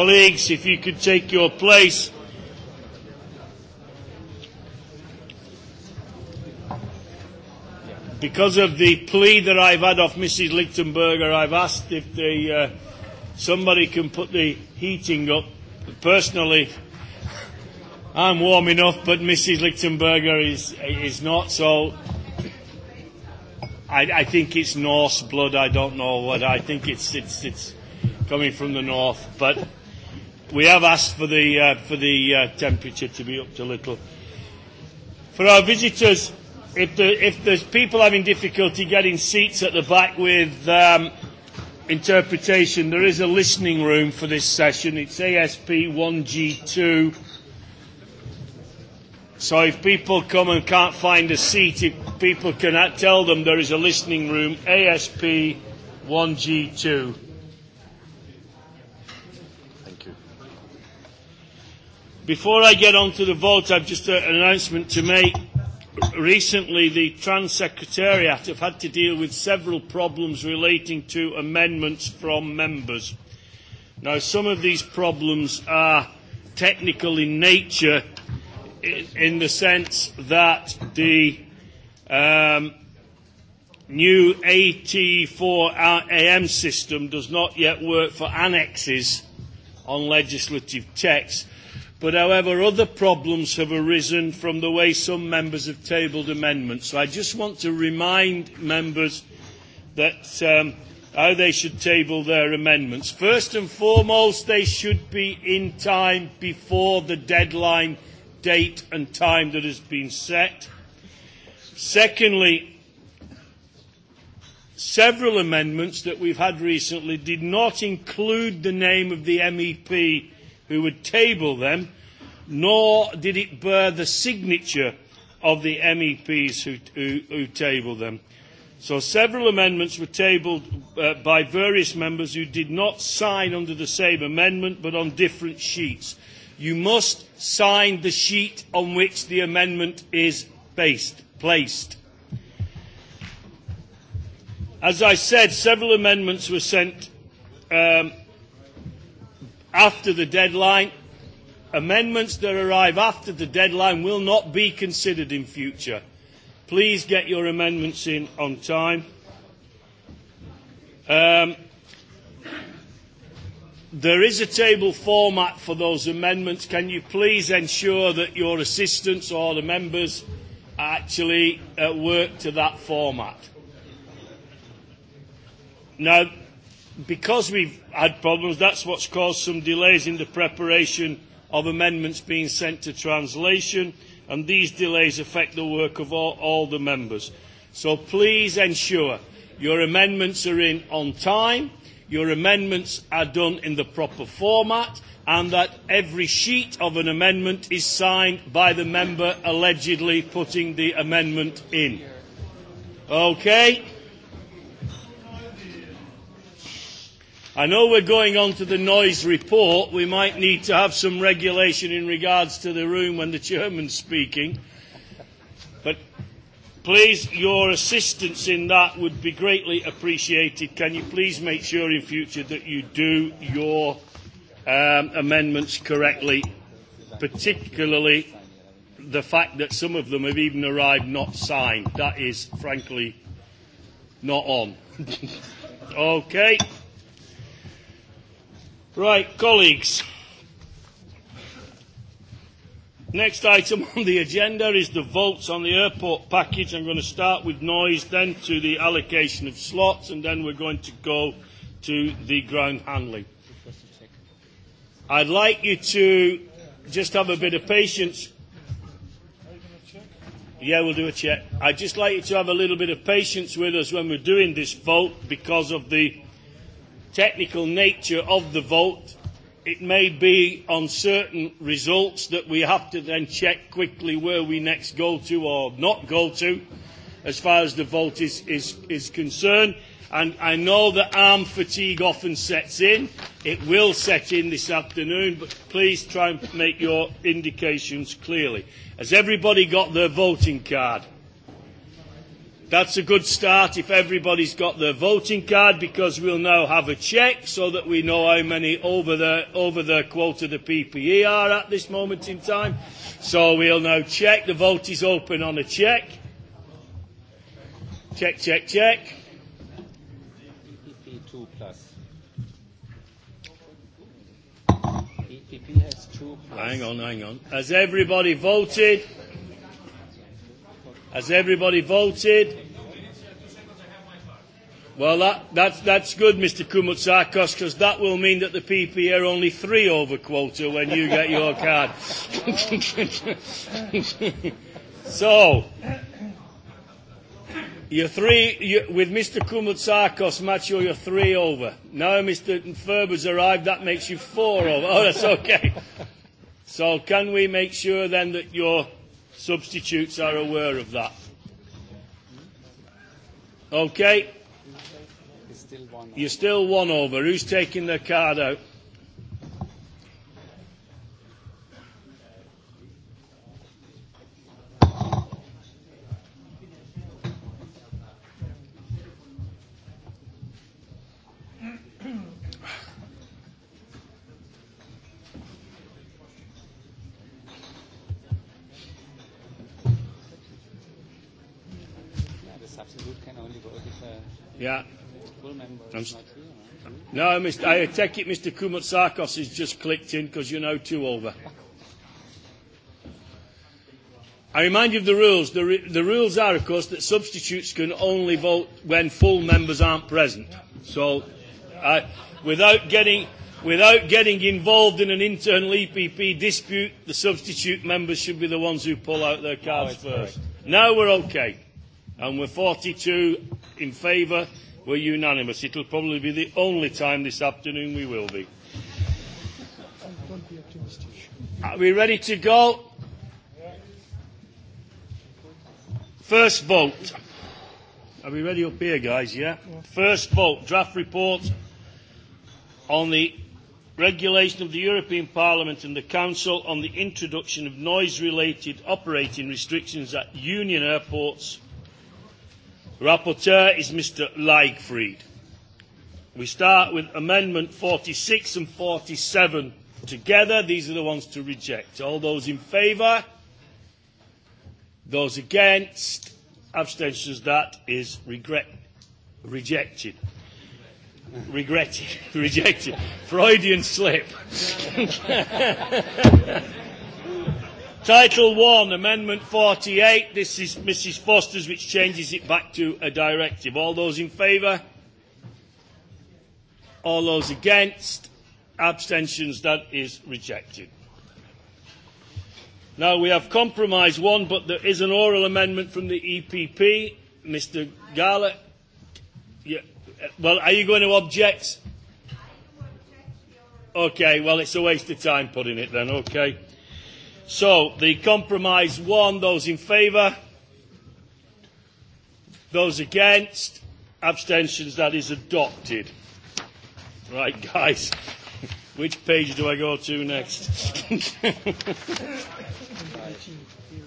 Colleagues, if you could take your place. Because of the plea that I've had off Mrs. Lichtenberger, I've asked if the, uh, somebody can put the heating up. Personally, I'm warm enough, but Mrs. Lichtenberger is, is not, so I, I think it's Norse blood. I don't know what. I think it's, it's, it's coming from the north, but We have asked for the, uh, for the uh, temperature to be up to little. For our visitors, if, the, if there's people having difficulty getting seats at the back with um, interpretation, there is a listening room for this session. It's ASP 1G2. So if people come and can't find a seat, if people cannot tell them there is a listening room, ASP 1G2. Before I get on to the vote, I've just an announcement to make. Recently, the Trans Secretariat have had to deal with several problems relating to amendments from members. Now, some of these problems are technical in nature, in the sense that the um, new AT4AM system does not yet work for annexes on legislative texts. But however, other problems have arisen from the way some members have tabled amendments. So I just want to remind members that um, how they should table their amendments. First and foremost, they should be in time before the deadline date and time that has been set. Secondly, several amendments that we've had recently did not include the name of the MEP who would table them, nor did it bear the signature of the MEPs who, who, who tabled them. So several amendments were tabled uh, by various members who did not sign under the same amendment but on different sheets. You must sign the sheet on which the amendment is based, placed. As I said, several amendments were sent um, after the deadline. Amendments that arrive after the deadline will not be considered in future. Please get your amendments in on time. Um, there is a table format for those amendments. Can you please ensure that your assistants or the members actually uh, work to that format? Now, because we've had problems, that's what's caused some delays in the preparation of amendments being sent to translation, and these delays affect the work of all, all the members. So please ensure your amendments are in on time, your amendments are done in the proper format, and that every sheet of an amendment is signed by the member allegedly putting the amendment in. Okay? I know we're going on to the noise report. We might need to have some regulation in regards to the room when the chairman's speaking. But please, your assistance in that would be greatly appreciated. Can you please make sure in future that you do your um, amendments correctly, particularly the fact that some of them have even arrived not signed. That is, frankly, not on. okay. Right, colleagues. Next item on the agenda is the votes on the airport package. I'm going to start with noise, then to the allocation of slots, and then we're going to go to the ground handling. I'd like you to just have a bit of patience. Yeah, we'll do a check. I'd just like you to have a little bit of patience with us when we're doing this vote because of the technical nature of the vote, it may be on certain results that we have to then check quickly where we next go to or not go to as far as the vote is, is, is concerned. And I know that arm fatigue often sets in. It will set in this afternoon, but please try and make your indications clearly. Has everybody got their voting card? That's a good start if everybody's got their voting card because we'll now have a check so that we know how many over the, over the quota the PPE are at this moment in time. So we'll now check. The vote is open on a check. Check, check, check. EPP 2 e plus. EPP e has 2 plus. Hang on, hang on. Has everybody voted? Has everybody voted? Well, that, that's, that's good, Mr. Kumutsakos, because that will mean that the PP are only three over quota when you get your card. so, you're three, you, with Mr. Kumutsakos, Macho, you're three over. Now Mr. Ferber's arrived, that makes you four over. Oh, that's okay. So can we make sure then that your Substitutes are aware of that. Okay. You're still one over. Who's taking the card out? Yeah. no, Mr. I take it Mr. Koumatsakos has just clicked in because you're now two over. I remind you of the rules. The, re- the rules are, of course, that substitutes can only vote when full members aren't present. So, uh, without getting without getting involved in an internal EPP dispute, the substitute members should be the ones who pull out their cards oh, first. Correct. Now we're okay and were 42 in favour were unanimous. It'll probably be the only time this afternoon we will be. Are we ready to go? First vote. Are we ready up here, guys? yeah. First vote, draft report on the regulation of the European Parliament and the Council on the introduction of noise related operating restrictions at Union airports Rapporteur is Mr. Leichfried. We start with Amendment 46 and 47 together. These are the ones to reject. All those in favour? Those against? Abstentions? That is regret- rejected. Regretted. rejected. Freudian slip. Title 1, Amendment 48. This is Mrs Foster's, which changes it back to a directive. All those in favour? All those against? Abstentions? That is rejected. Now we have compromise one, but there is an oral amendment from the EPP. Mr. Gala, yeah, uh, well, are you going to object? Okay, well, it's a waste of time putting it then, okay. So, the compromise one, those in favour, those against, abstentions, that is adopted. Right, guys, which page do I go to next?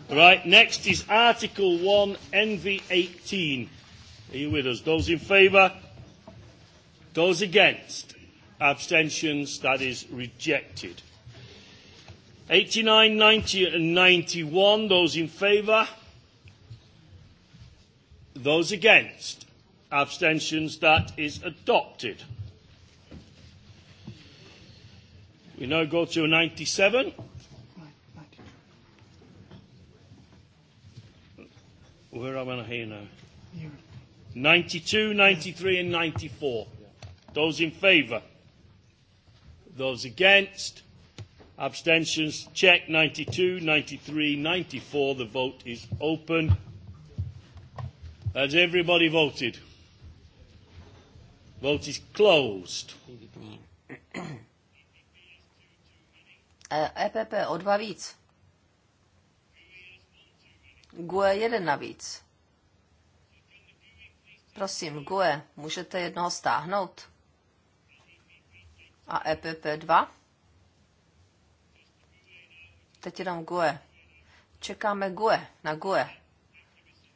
right, next is Article 1, NV 18. Are you with us? Those in favour, those against, abstentions, that is rejected. 89, 90, and 91. Those in favour? Those against? Abstentions? That is adopted. We now go to 97. Where am I here now? 92, 93, and 94. Those in favour? Those against? Abstentions? Check 92, 93, 94. The vote is open. Has everybody voted? Vote is closed. EPP eh, e o dva víc. GUE jeden navíc. Prosím, GUE, můžete jednoho stáhnout? A EPP dva? Teď jenom GUE. Čekáme GUE, na GUE.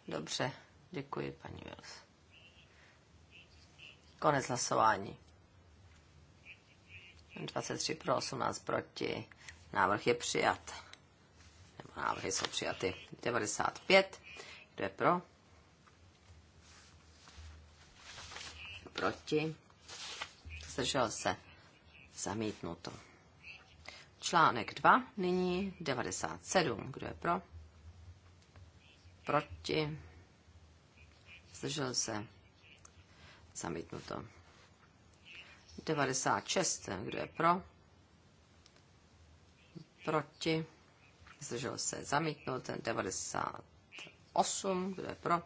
Dobře, děkuji, paní Wills. Konec hlasování. 23 pro 18 proti. Návrh je přijat. Nebo návrhy jsou přijaty. 95. Kdo je pro? Proti. Zdržel se. Zamítnuto. Článek 2, nyní 97. Kdo je pro? Proti? Zdržel se? Zamítnuto. 96. Kdo je pro? Proti? Zdržel se? Zamítnut. 98. Kdo je pro?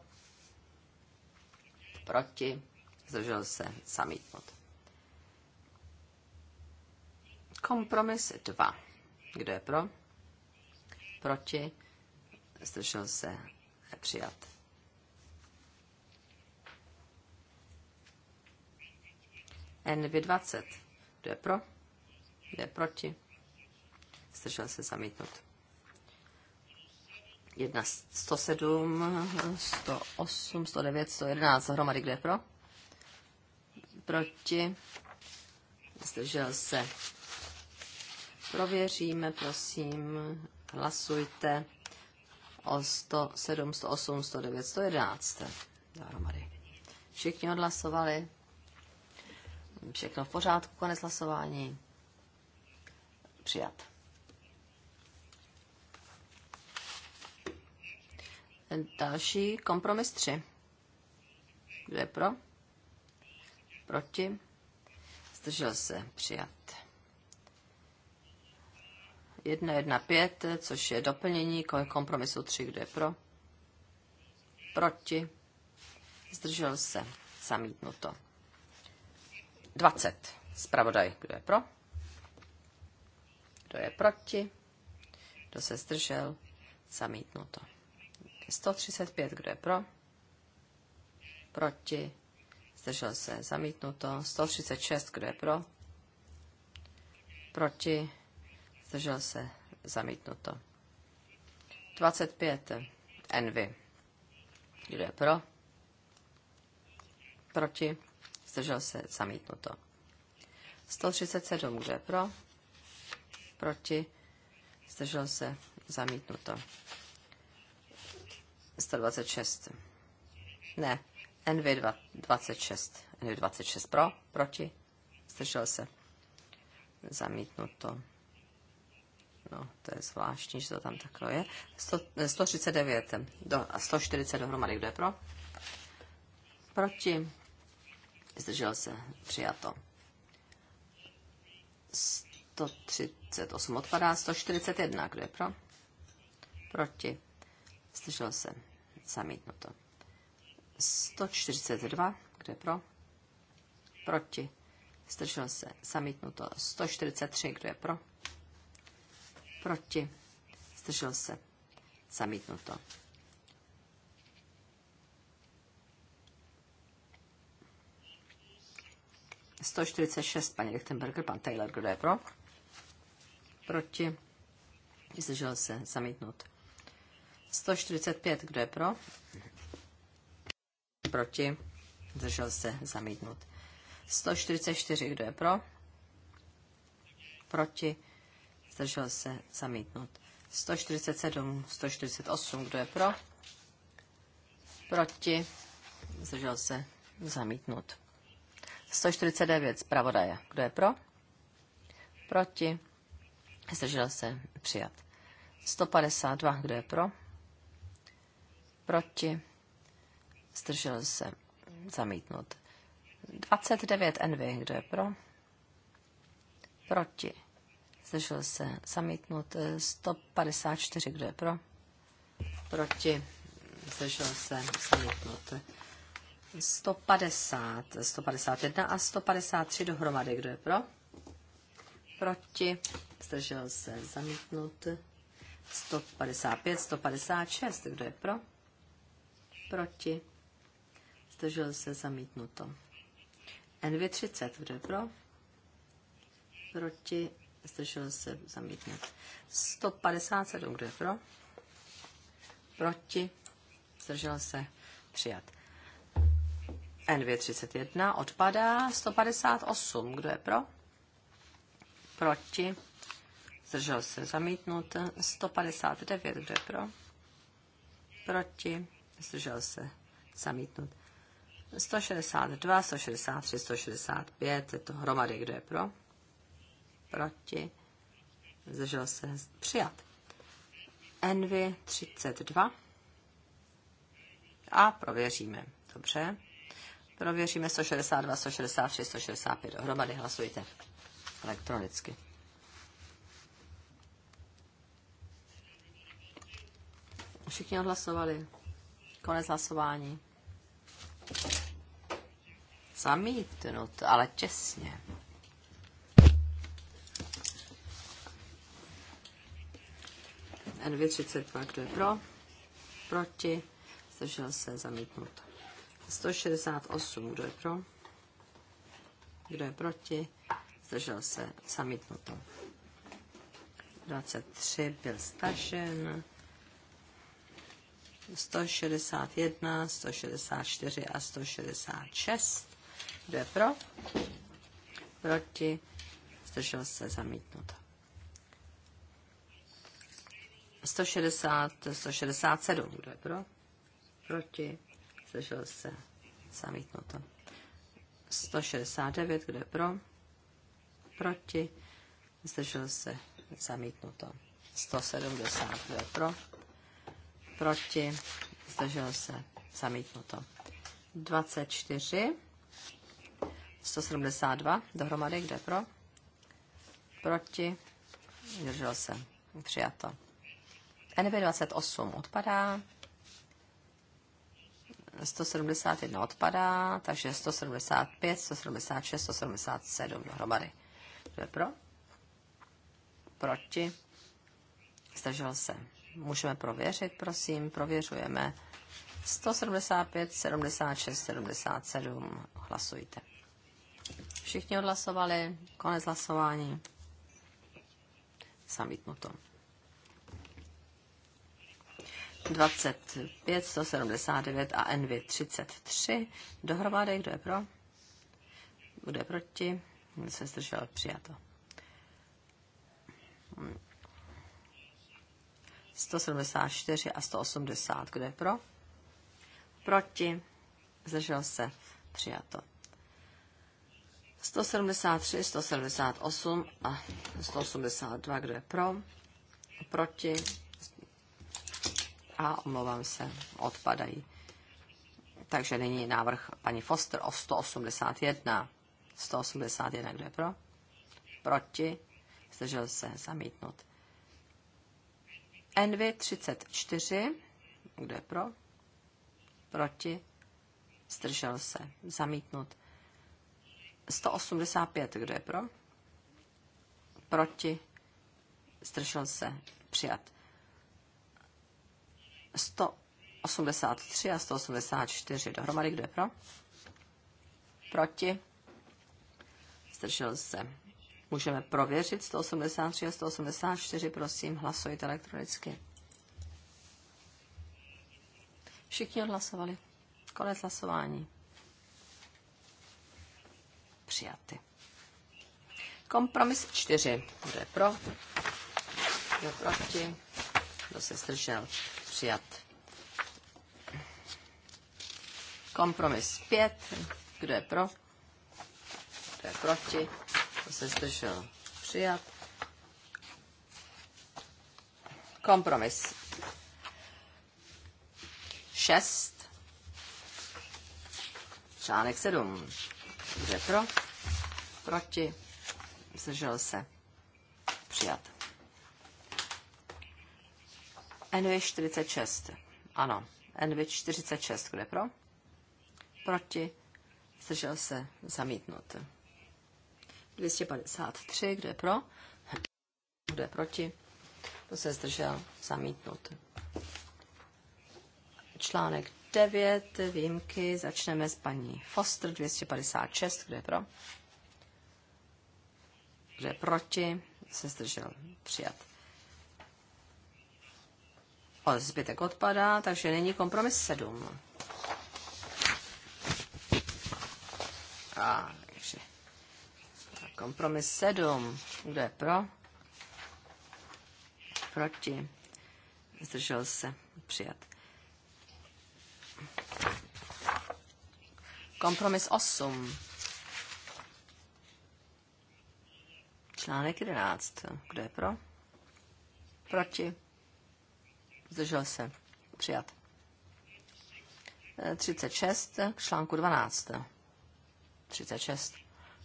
Proti? Zdržel se? Zamítnut. Kompromis 2. Kdo je pro? Proti? Zdržel se? Přijat. n 20 Kdo je pro? Kdo je proti? Zdržel se zamítnout. 1, 107, 108, 109, 111 Zahromady, Kdo je pro? Proti? Zdržel se Prověříme, prosím, hlasujte o 107, 108, 109, 111 Všichni odhlasovali. Všechno v pořádku, konec hlasování. Přijat. Další kompromis 3. Kdo je pro? Proti? Zdržel se. Přijat. 1.1.5, což je doplnění kompromisu 3, kdo je pro, proti, zdržel se, zamítnuto. 20, zpravodaj, kdo je pro, kdo je proti, kdo se zdržel, zamítnuto. 135, kdo je pro, proti, zdržel se, zamítnuto. 136, kdo je pro, proti, zdržel se, zamítnuto. 25. Envy. Kdo je pro? Proti? Zdržel se, zamítnuto. 137. Kdo je pro? Proti? Zdržel se, zamítnuto. 126. Ne, NV 26. NV 26 pro, proti? Zdržel se, zamítnuto. No, to je zvláštní, že to tam takhle je. 100, 139 eh, eh, do, a 140 dohromady. Kdo je pro? Proti? Zdržel se. Přijato. 138 odpadá. 141. Kdo je pro? Proti? Zdržel se. Zamítnuto. 142. Kdo je pro? Proti? Zdržel se. Zamítnuto. 143. Kdo je pro? proti, zdržel se, zamítnuto. Sto čtyřicet šest, paní Lichtenberger, pan Taylor, kdo je pro? Proti, zdržel se, zamítnut. 145, kdo je pro? Proti, zdržel se, zamítnut. 144, kdo je pro? Proti, zdržel se, zamítnut. 147, 148, kdo je pro? Proti, zdržel se, zamítnut. 149, zpravodaje, kdo je pro? Proti, zdržel se, přijat. 152, kdo je pro? Proti, zdržel se, zamítnut. 29 NV, kdo je pro? Proti zdržel se zamítnut 154, eh, kdo je pro, proti, zdržel se zamítnut 150, 151 a 153 dohromady, kdo je pro, proti, zdržel se zamítnut 155, 156, kdo je pro, proti, zdržel se zamítnuto. NV30, kdo je pro? Proti, zdržel se zamítnout. 157, kdo je pro? Proti, zdržel se přijat. N231 odpadá. 158, kdo je pro? Proti, zdržel se zamítnut. 159, kdo je pro? Proti, zdržel se zamítnut. 162, 163, 165, je to hromady, kdo je pro? proti, zdržel se přijat. Envy 32 a prověříme. Dobře. Prověříme 162, 163, 165. Dohromady hlasujte elektronicky. Všichni odhlasovali. Konec hlasování. Zamítnut, ale těsně. N232, kdo je pro? Proti? Zdržel se zamítnut. 168, kdo je pro? Kdo je proti? Zdržel se zamítnut. 23 byl stažen. 161, 164 a 166. Kdo je pro? Proti? Zdržel se zamítnuto. 160, 167. Kdo je pro? Proti? Zdržel se. Zamítnuto. 169. Kdo je pro? Proti? Zdržel se. Zamítnuto. 170. Kdo je pro? Proti? Zdržel se. Zamítnuto. 24. 172 dohromady, kde pro? Proti. zdržel se. Přijato. NB28 odpadá, 171 odpadá, takže 175, 176, 177 dohromady. Kdo je pro? Proti? Zdržel se. Můžeme prověřit, prosím, prověřujeme. 175, 76, 77. Hlasujte. Všichni odhlasovali, konec hlasování. Zamítnuto. to. 25, 179 a Envy 33. Dohromady, kdo je pro? Kdo je proti? Kdo se zdržel? Přijato. 174 a 180. Kdo je pro? Proti? Zdržel se? Přijato. 173, 178 a 182. Kdo je pro? Proti? a omlouvám se, odpadají. Takže nyní návrh paní Foster o 181. 181, kdo je pro? Proti? Zdržel se zamítnut. Envy 34, kdo je pro? Proti? Zdržel se zamítnut. 185, kdo je pro? Proti? Zdržel se přijat. 183 a 184 dohromady. Kdo je pro? Proti? Zdržel se. Můžeme prověřit 183 a 184, prosím, hlasujte elektronicky. Všichni odhlasovali. Konec hlasování. Přijaty. Kompromis 4. Kdo je pro? Kdo proti? Kdo se zdržel? přijat. Kompromis 5. Kdo je pro? Kdo je proti? To se zdržel? Přijat. Kompromis 6. Článek 7. Kdo je pro? Proti? Zdržel se? Přijat. NV46. Ano, NV46. Kdo je pro? Proti. Zdržel se zamítnut. 253. Kdo je pro? Kdo je proti? To se zdržel zamítnut. Článek 9. Výjimky. Začneme s paní Foster 256. Kdo je pro? Kdo je proti? Se zdržel přijat. O, zbytek odpadá, takže není kompromis 7. A, takže kompromis 7. Kdo je pro? Proti. Zdržel se. Přijat. Kompromis 8. Článek 11. Kdo je pro? Proti zdržel se, přijat. 36 eh, k článku 12. 36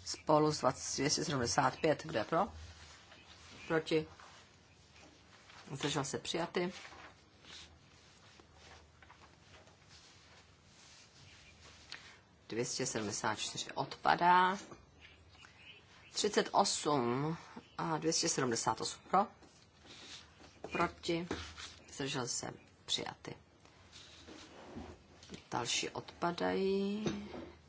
spolu s 275. Kdo je pro? Proti? Zdržel se přijaty. ...274 odpadá. 38 a 278 pro. Proti zdržel se, přijaty. Další odpadají.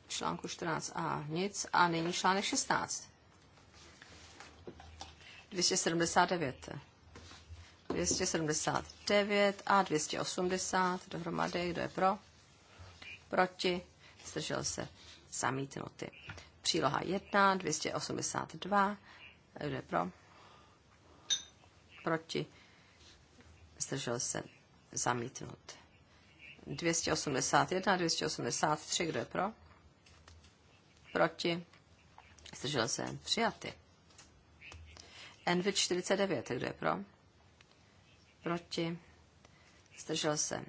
Článku 14a nic. A nyní článek 16. 279. 279 a 280 dohromady. Kdo je pro? Proti? Zdržel se zamítnuty. Příloha 1, 282. Kdo je pro? Proti? zdržel se zamítnut. 281 283, kdo je pro? Proti, zdržel se přijaty. NV 49, kdo je pro? Proti, zdržel se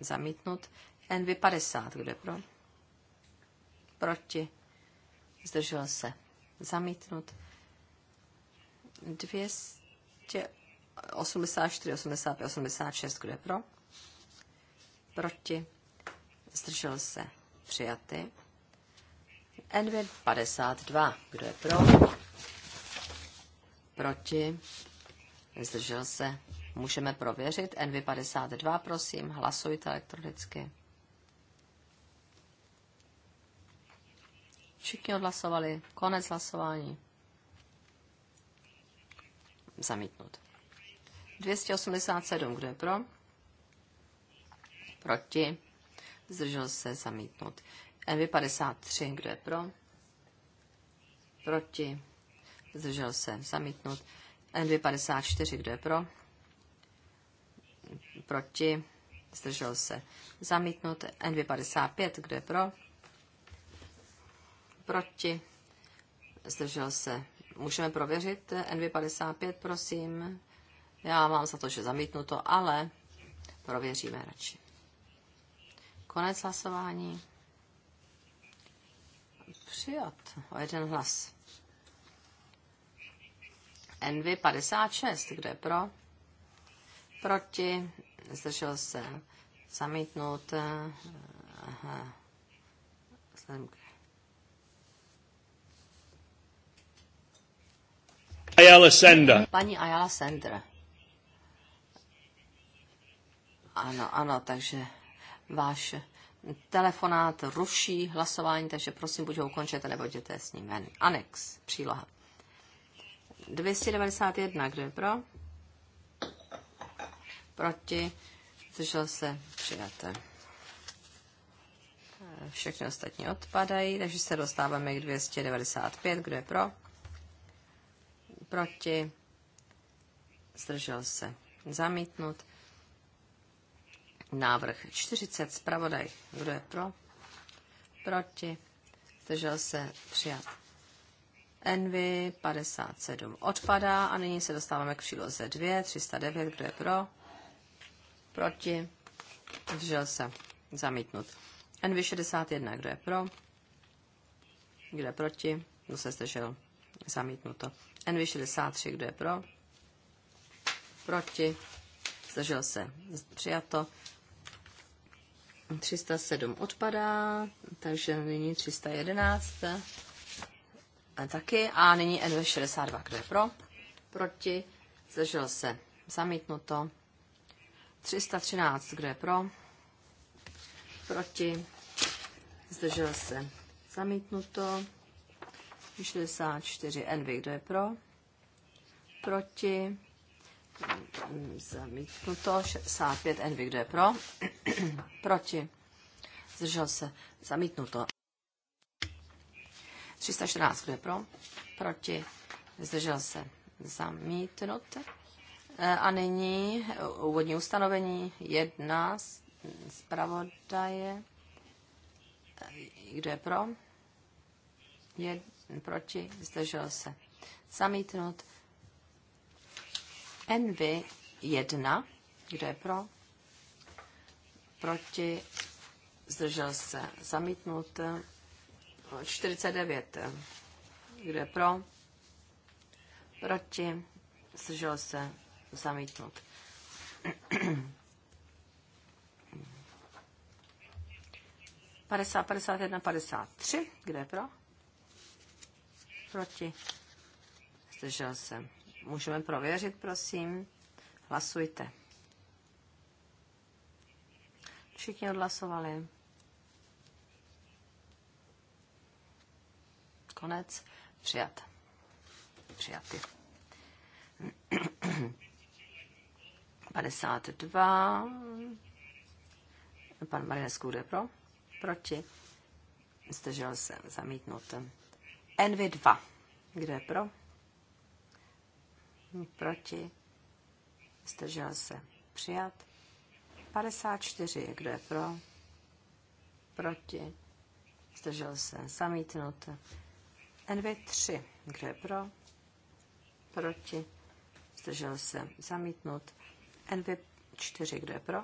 zamítnut. NV 50, kdo je pro? Proti, zdržel se zamítnut. 200 84, 85, 86, kdo je pro? Proti? Zdržel se? Přijaty. N2 52, kdo je pro? Proti? Zdržel se? Můžeme prověřit. N2 52, prosím, hlasujte elektronicky. Všichni odhlasovali. Konec hlasování. Zamítnut. 287, kdo je pro? Proti? Zdržel se zamítnut. Envy 53 kdo je pro? Proti? Zdržel se zamítnut. Envy 54 kdo je pro? Proti? Zdržel se zamítnut. NV55, kdo je pro? Proti? Zdržel se. Můžeme prověřit NV55, prosím. Já mám za to, že zamítnu to, ale prověříme radši. Konec hlasování. Přijat o jeden hlas. Envy 56, kde pro? Proti, zdržel se zamítnout. Aha. Ayala Sender. Pani Ayala Sender. Ano, ano, takže váš telefonát ruší hlasování, takže prosím, buď ho ukončete, nebo jděte s ním ven. Anex, příloha. 291, kdo je pro? Proti, zdržel se, přijaté. Všechny ostatní odpadají, takže se dostáváme k 295, kdo je pro? Proti, zdržel se, zamítnut. Návrh 40, zpravodaj. Kdo je pro? Proti? Zdržel se přijat. Envy 57 odpadá a nyní se dostáváme k příloze 2, 309, kdo je pro? Proti? Zdržel se. Zamítnut. Envy 61, kdo je pro? Kdo je proti? Kdo se zdržel? Zamítnuto. Envy 63, kdo je pro? Proti? Zdržel se. Přijato. 307 odpadá, takže nyní 311 a taky. A nyní N62, kdo je pro? Proti, zdržel se, zamítnuto. 313, kdo je pro? Proti, zdržel se, zamítnuto. 64 NV, kdo je pro? Proti, Zamítnuto. 65 Envy, kdo je pro? Proti. Zdržel se. Zamítnuto. 314, kdo je pro? Proti. Zdržel se. Zamítnut. E, a nyní úvodní ustanovení jedna, zpravodaje. E, kdo je pro? Jed, proti? Zdržel se. Zamítnut. Envy 1, kdo je pro, proti, zdržel se, zamítnut. 49, kdo je pro, proti, zdržel se, zamítnut. jedna, padesát tři. kde pro? Proti. Zdržel jsem Můžeme prověřit, prosím. Hlasujte. Všichni odhlasovali. Konec. Přijat. Přijaty. 52. Pan Marines Kůde pro. Proti. Zdržel se zamítnout. Envy 2 Kde je pro? proti, zdržel se, přijat. 54, kdo je pro, proti, zdržel se, zamítnut. NV3, kdo je pro, proti, zdržel se, zamítnut. NV4, kdo je pro,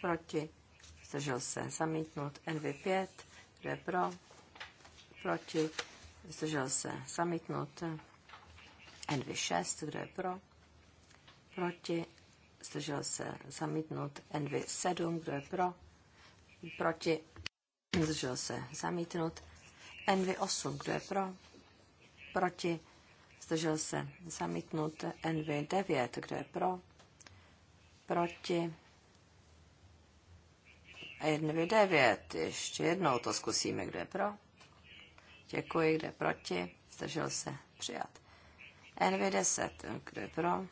proti, zdržel se, zamítnut. NV5, kdo je pro, proti, zdržel se, zamítnut. NV6, kdo je pro, proti, zdržel se zamítnut, NV7, kdo je pro, proti, zdržel se zamítnut, NV8, kdo je pro, proti, zdržel se zamítnut, NV9, kdo je pro, proti, NV9, ještě jednou to zkusíme, kdo je pro, děkuji, kdo je proti, zdržel se přijat. NV10, kdo je pro?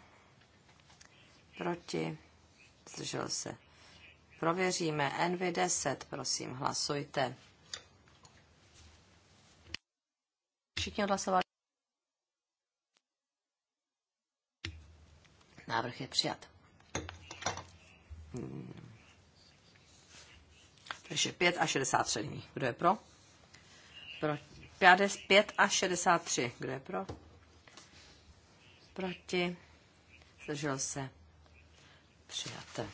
Proti? Zdržel se. Prověříme. NV10, prosím, hlasujte. Všichni odhlasovali. Návrh je přijat. Hmm. Takže 5 a 63 Kdo je pro? pro 5 a 63. Kdo je pro? proti, zdržel se, přijate.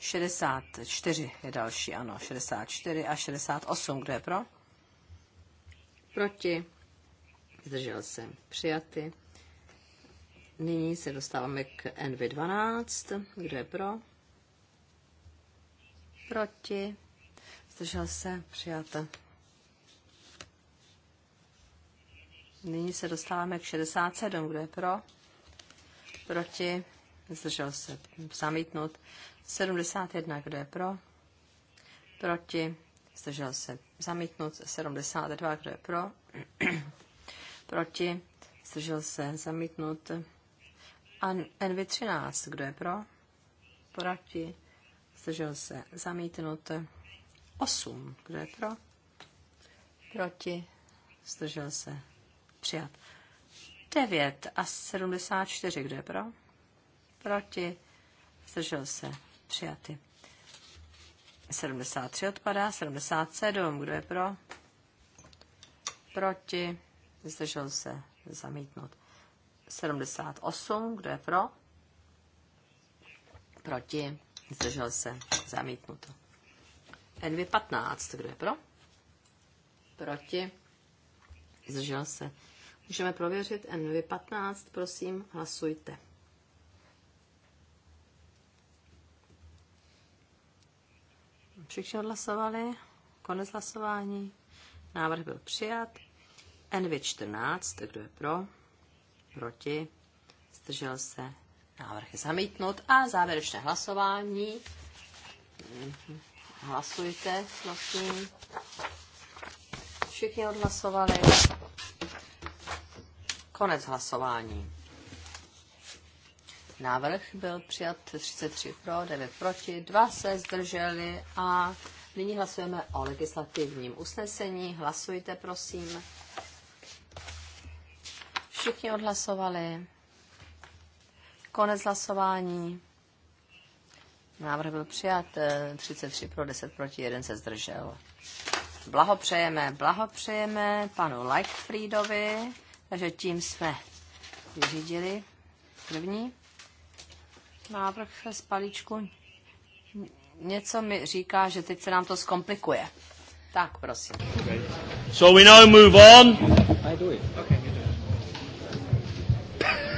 Šedesát čtyři je další, ano, šedesát čtyři a šedesát osm, kdo je pro? Proti, zdržel se, přijaty. Nyní se dostáváme k NV12, kdo je pro? Proti zdržel se, přijata. Nyní se dostáváme k 67, kdo je pro, proti, zdržel se, zamítnut. 71, kdo je pro, proti, zdržel se, zamítnut. 72, kdo je pro, proti, zdržel se, zamítnut. A NV13, kdo je pro, proti, zdržel se, zamítnut. 8. Kdo je pro? Proti? Zdržel se. Přijat. 9 a 74. Kdo je pro? Proti? Zdržel se. Přijaty. 73 odpadá. 77. Kdo je pro? Proti? Zdržel se. Zamítnout. 78. Kdo je pro? Proti? Zdržel se. Zamítnuto. NV15. Kdo je pro? Proti? Zdržel se. Můžeme prověřit NV15, prosím, hlasujte. Všichni odhlasovali? Konec hlasování. Návrh byl přijat. NV14, kdo je pro? Proti? Zdržel se. Návrh je zamítnut. A závěrečné hlasování Mm-hmm. Hlasujte, prosím. Všichni odhlasovali. Konec hlasování. Návrh byl přijat 33 pro, 9 proti, 2 se zdrželi a nyní hlasujeme o legislativním usnesení. Hlasujte, prosím. Všichni odhlasovali. Konec hlasování. Návrh byl přijat 33 eh, pro 10 proti 1 se zdržel. Blahopřejeme, blahopřejeme panu Lightfriedovi, takže tím jsme vyřídili první návrh z palíčku. Něco mi říká, že teď se nám to zkomplikuje. Tak, prosím. Okay. So we now move on. I do it. Okay, you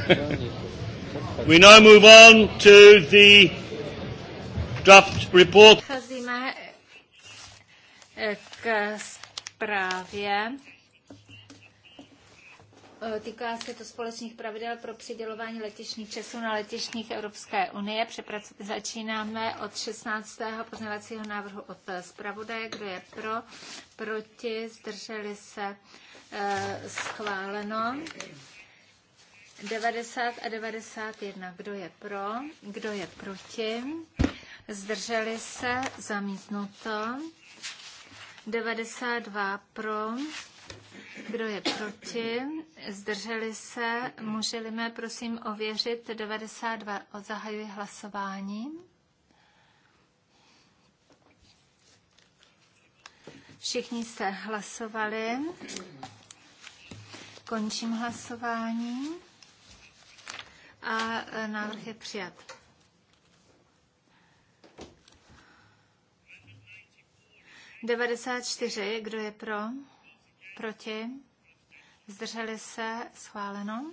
do it. we now move on to the draft report. Cházíme eh, k zprávě. Eh, týká se to společných pravidel pro přidělování letišních časů na letišních Evropské unie. Přeprac... Začínáme od 16. poznávacího návrhu od eh, zpravodaje, kdo je pro, proti, zdrželi se eh, schváleno. 90 a 91, kdo je pro, kdo je proti, zdrželi se, zamítnuto. 92 pro, kdo je proti, zdrželi se, můžeme prosím ověřit 92, zahajuji hlasování. Všichni jste hlasovali. Končím hlasování. A e, návrh je přijat. 94, kdo je pro? Proti? Zdrželi se? Schváleno.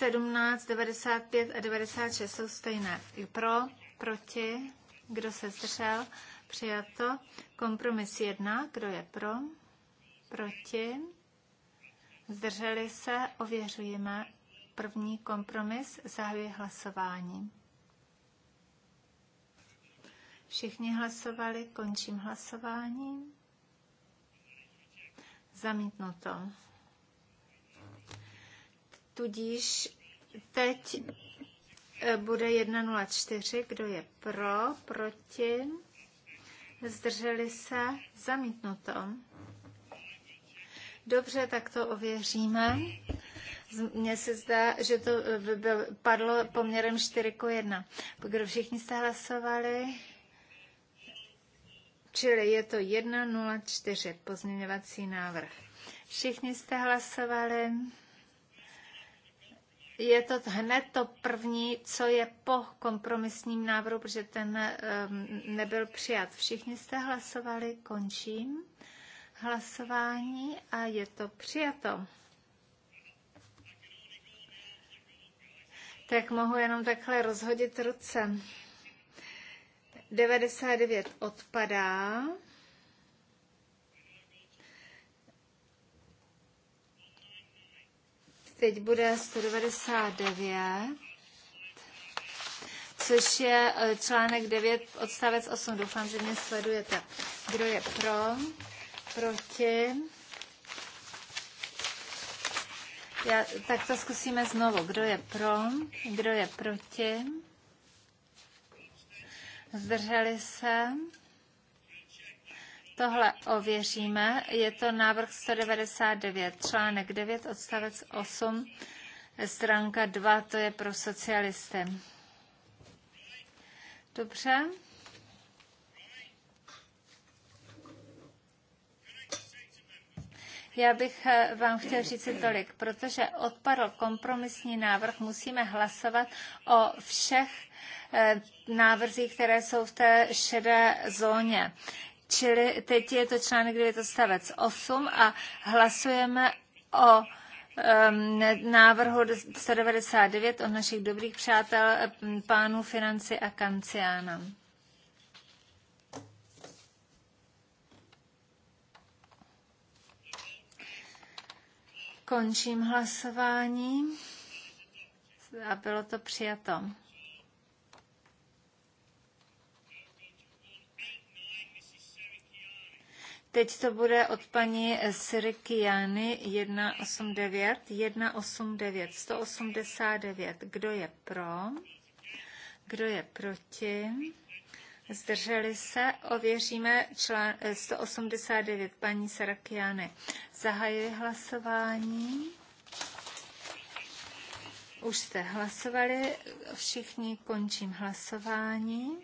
17, 95 a 96 jsou stejné. Pro, proti, kdo se zdržel, přijato. Kompromis 1, kdo je pro, proti, zdrželi se, ověřujeme první kompromis, zahajuji hlasování. Všichni hlasovali, končím hlasování. Zamítnuto. Tudíž teď e, bude 1.04. Kdo je pro, proti? Zdrželi se? Zamítnuto. Dobře, tak to ověříme. Mně se zdá, že to e, padlo poměrem 4 k 1. Kdo všichni jste hlasovali? Čili je to 1.04 pozměňovací návrh. Všichni jste hlasovali. Je to hned to první, co je po kompromisním návrhu, protože ten um, nebyl přijat. Všichni jste hlasovali, končím hlasování a je to přijato. Tak mohu jenom takhle rozhodit ruce. 99 odpadá. Teď bude 199, což je eh, článek 9, odstavec 8. Doufám, že mě sledujete. Kdo je pro? Proti? Já, tak to zkusíme znovu. Kdo je pro? Kdo je proti? zdrželi se. Tohle ověříme. Je to návrh 199, článek 9, odstavec 8, stránka 2, to je pro socialisty. Dobře. Já bych eh, vám chtěl říct tolik, protože odpadl kompromisní návrh, musíme hlasovat o všech Eh, návrzích, které jsou v té šedé zóně. Čili teď je to článek 9 odstavec 8 a hlasujeme o návrhu 199 od našich dobrých přátel eh, pánů Financi a Kanciána. Končím hlasování a bylo to přijato. Teď to bude od paní Sirikiany 189, 189, 189. Kdo je pro? Kdo je proti? Zdrželi se? Ověříme člán 189 eh, paní Sarakiany. Zahajuji hlasování. Už jste hlasovali, všichni končím hlasování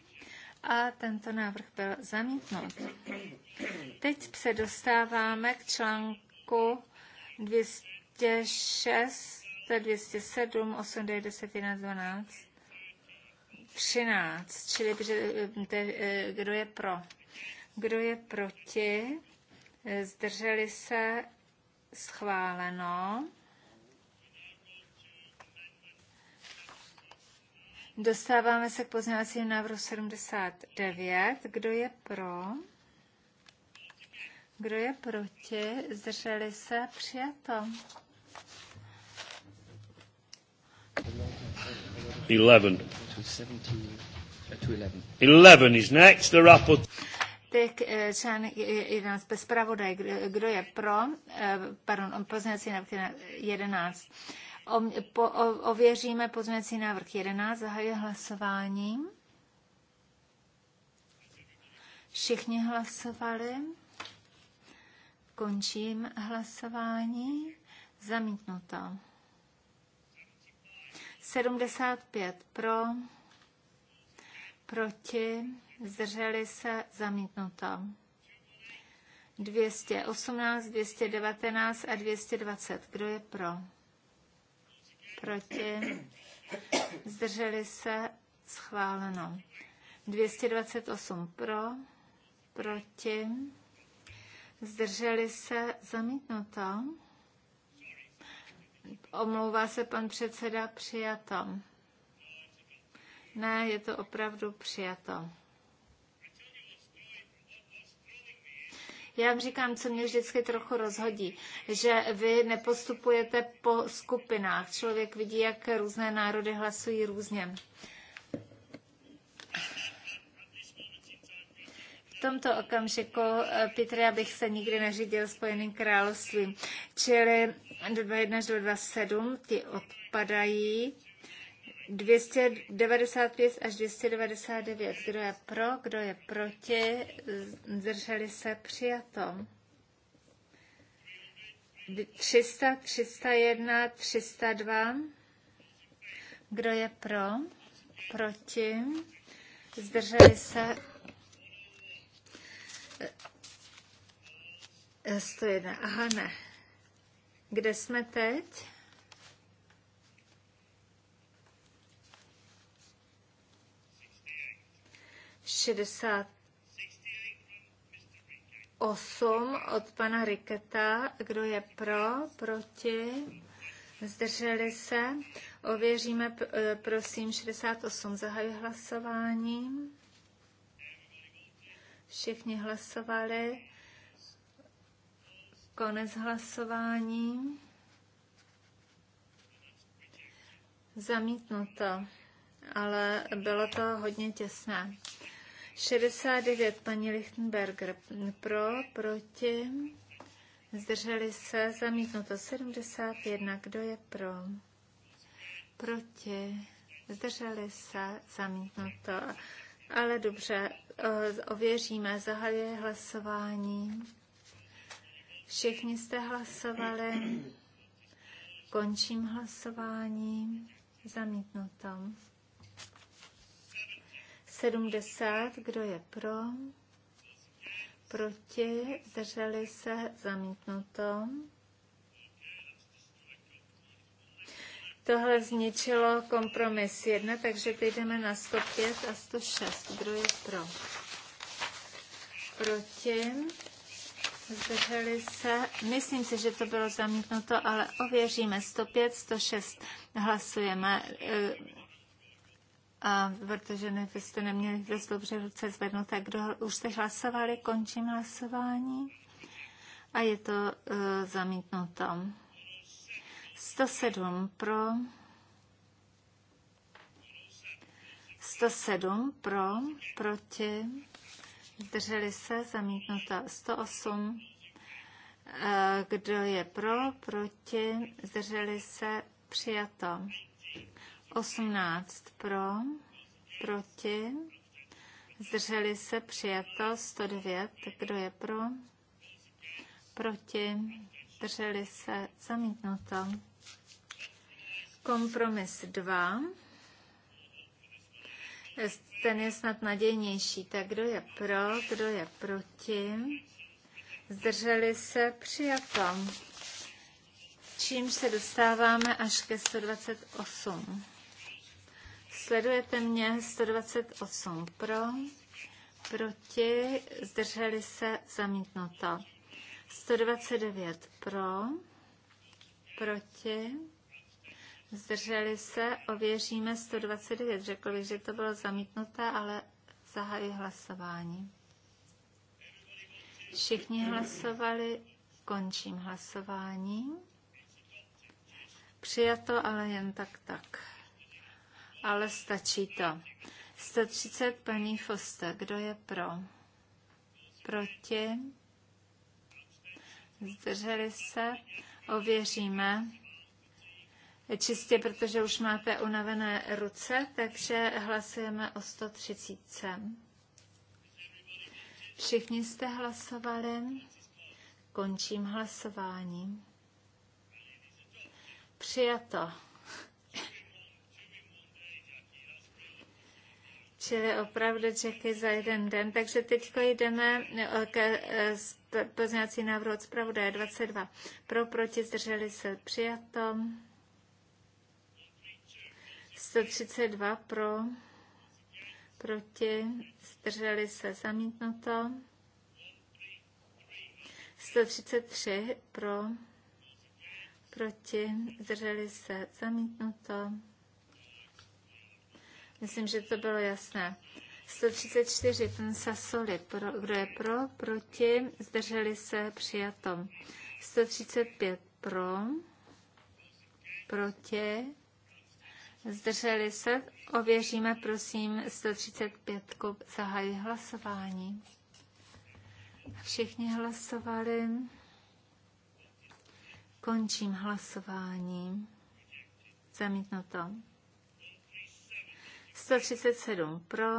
a tento návrh byl zamítnut. Teď se dostáváme k článku 206, 207, 8, 9, 10, 11, 12, 13, čili eh, eh, kdo je pro. Kdo je proti? Zdrželi se schváleno. Dostáváme se k pozměňovacímu návrhu 79. Kdo je pro? Kdo je proti? Zdrželi se? Přijato. 11. 11 is next, the rapport. Teď eh, článek 11 eh, bez zpravodaj, kdo je pro, eh, pardon, pozměňovací na 11 po, o, ověříme pozměňovací návrh 11, zahajuje hlasování. Všichni hlasovali. Končím hlasování. Zamítnuto. 75 pro, proti, zdrželi se, zamítnuto. 218, 219 a 220. Kdo je pro? proti, zdrželi se, schváleno. 228 pro, proti, zdrželi se, zamítnuto. Omlouvá se pan předseda, přijato. Ne, je to opravdu přijato. Já vám říkám, co mě vždycky trochu rozhodí, že vy nepostupujete po skupinách. Člověk vidí, jak různé národy hlasují různě. V tomto okamžiku, eh, Petr, abych se nikdy neřídil Spojeným královstvím. Čili 21 až 27 ti odpadají. 295 až 299. Kdo je pro, kdo je proti? Zdrželi se přijato. 300, 301, 302. Kdo je pro? Proti? Zdrželi se? 101. Eh, eh, Aha, ne. Kde jsme teď? 68 od pana Riketa. Kdo je pro, proti? Zdrželi se. Ověříme, e, prosím, 68. Zahajuji hlasování. Všichni hlasovali. Konec hlasování. Zamítnuto, ale bylo to hodně těsné. 69, paní Lichtenberger. Pro, proti, zdrželi se, zamítnuto 71, kdo je pro? Proti, zdrželi se, zamítnuto. Ale dobře, eh, ověříme, zahajuje hlasování. Všichni jste hlasovali. Končím hlasování. Zamítnuto. 70, kdo je pro? Proti, zdrželi se, zamítnuto. Tohle zničilo kompromis 1, takže teď jdeme na 105 a 106. Kdo je pro? Proti. Zdrželi se. Myslím si, že to bylo zamítnuto, ale ověříme. 105, 106. Hlasujeme. Eh, a protože ne, vy jste neměli dost dobře ruce zvednout, tak kdo, už jste hlasovali, končím hlasování. A je to uh, zamítnuto. 107 pro. 107 pro, proti, drželi se, zamítnuto 108. E, kdo je pro, proti, zdrželi se, přijato. 18 pro, proti, zdrželi se, přijato 109, kdo je pro, proti, zdrželi se, zamítnuto. Kompromis 2, ten je snad nadějnější, tak kdo je pro, kdo je proti, zdrželi se, přijato čímž se dostáváme až ke 128. Sledujete mě 128 pro, proti, zdrželi se, zamítnuto. 129 pro, proti, zdrželi se, ověříme 129. Řekl bych, že to bylo zamítnuté, ale zahajuji hlasování. Všichni hlasovali, končím hlasování. Přijato, ale jen tak tak ale stačí to. 130 paní Fosta, kdo je pro? Proti? Zdrželi se? Ověříme. Čistě protože už máte unavené ruce, takže hlasujeme o 130. Všichni jste hlasovali. Končím hlasování. Přijato. Čili opravdu Jackie za jeden den. Takže teď jdeme eh, k eh, pozněvací návrhu od zpravodaje 22. Pro, proti, zdrželi se přijato. 132 pro, proti, zdrželi se zamítnuto. 133 pro, proti, zdrželi se zamítnuto. Myslím, že to bylo jasné. 134, ten Sasoli, pro, kdo je pro, proti, zdrželi se, přijato. 135 pro, proti, zdrželi se, ověříme, prosím, 135, zahají hlasování. Všichni hlasovali. Končím hlasování. Zamítnuto. 137 pro,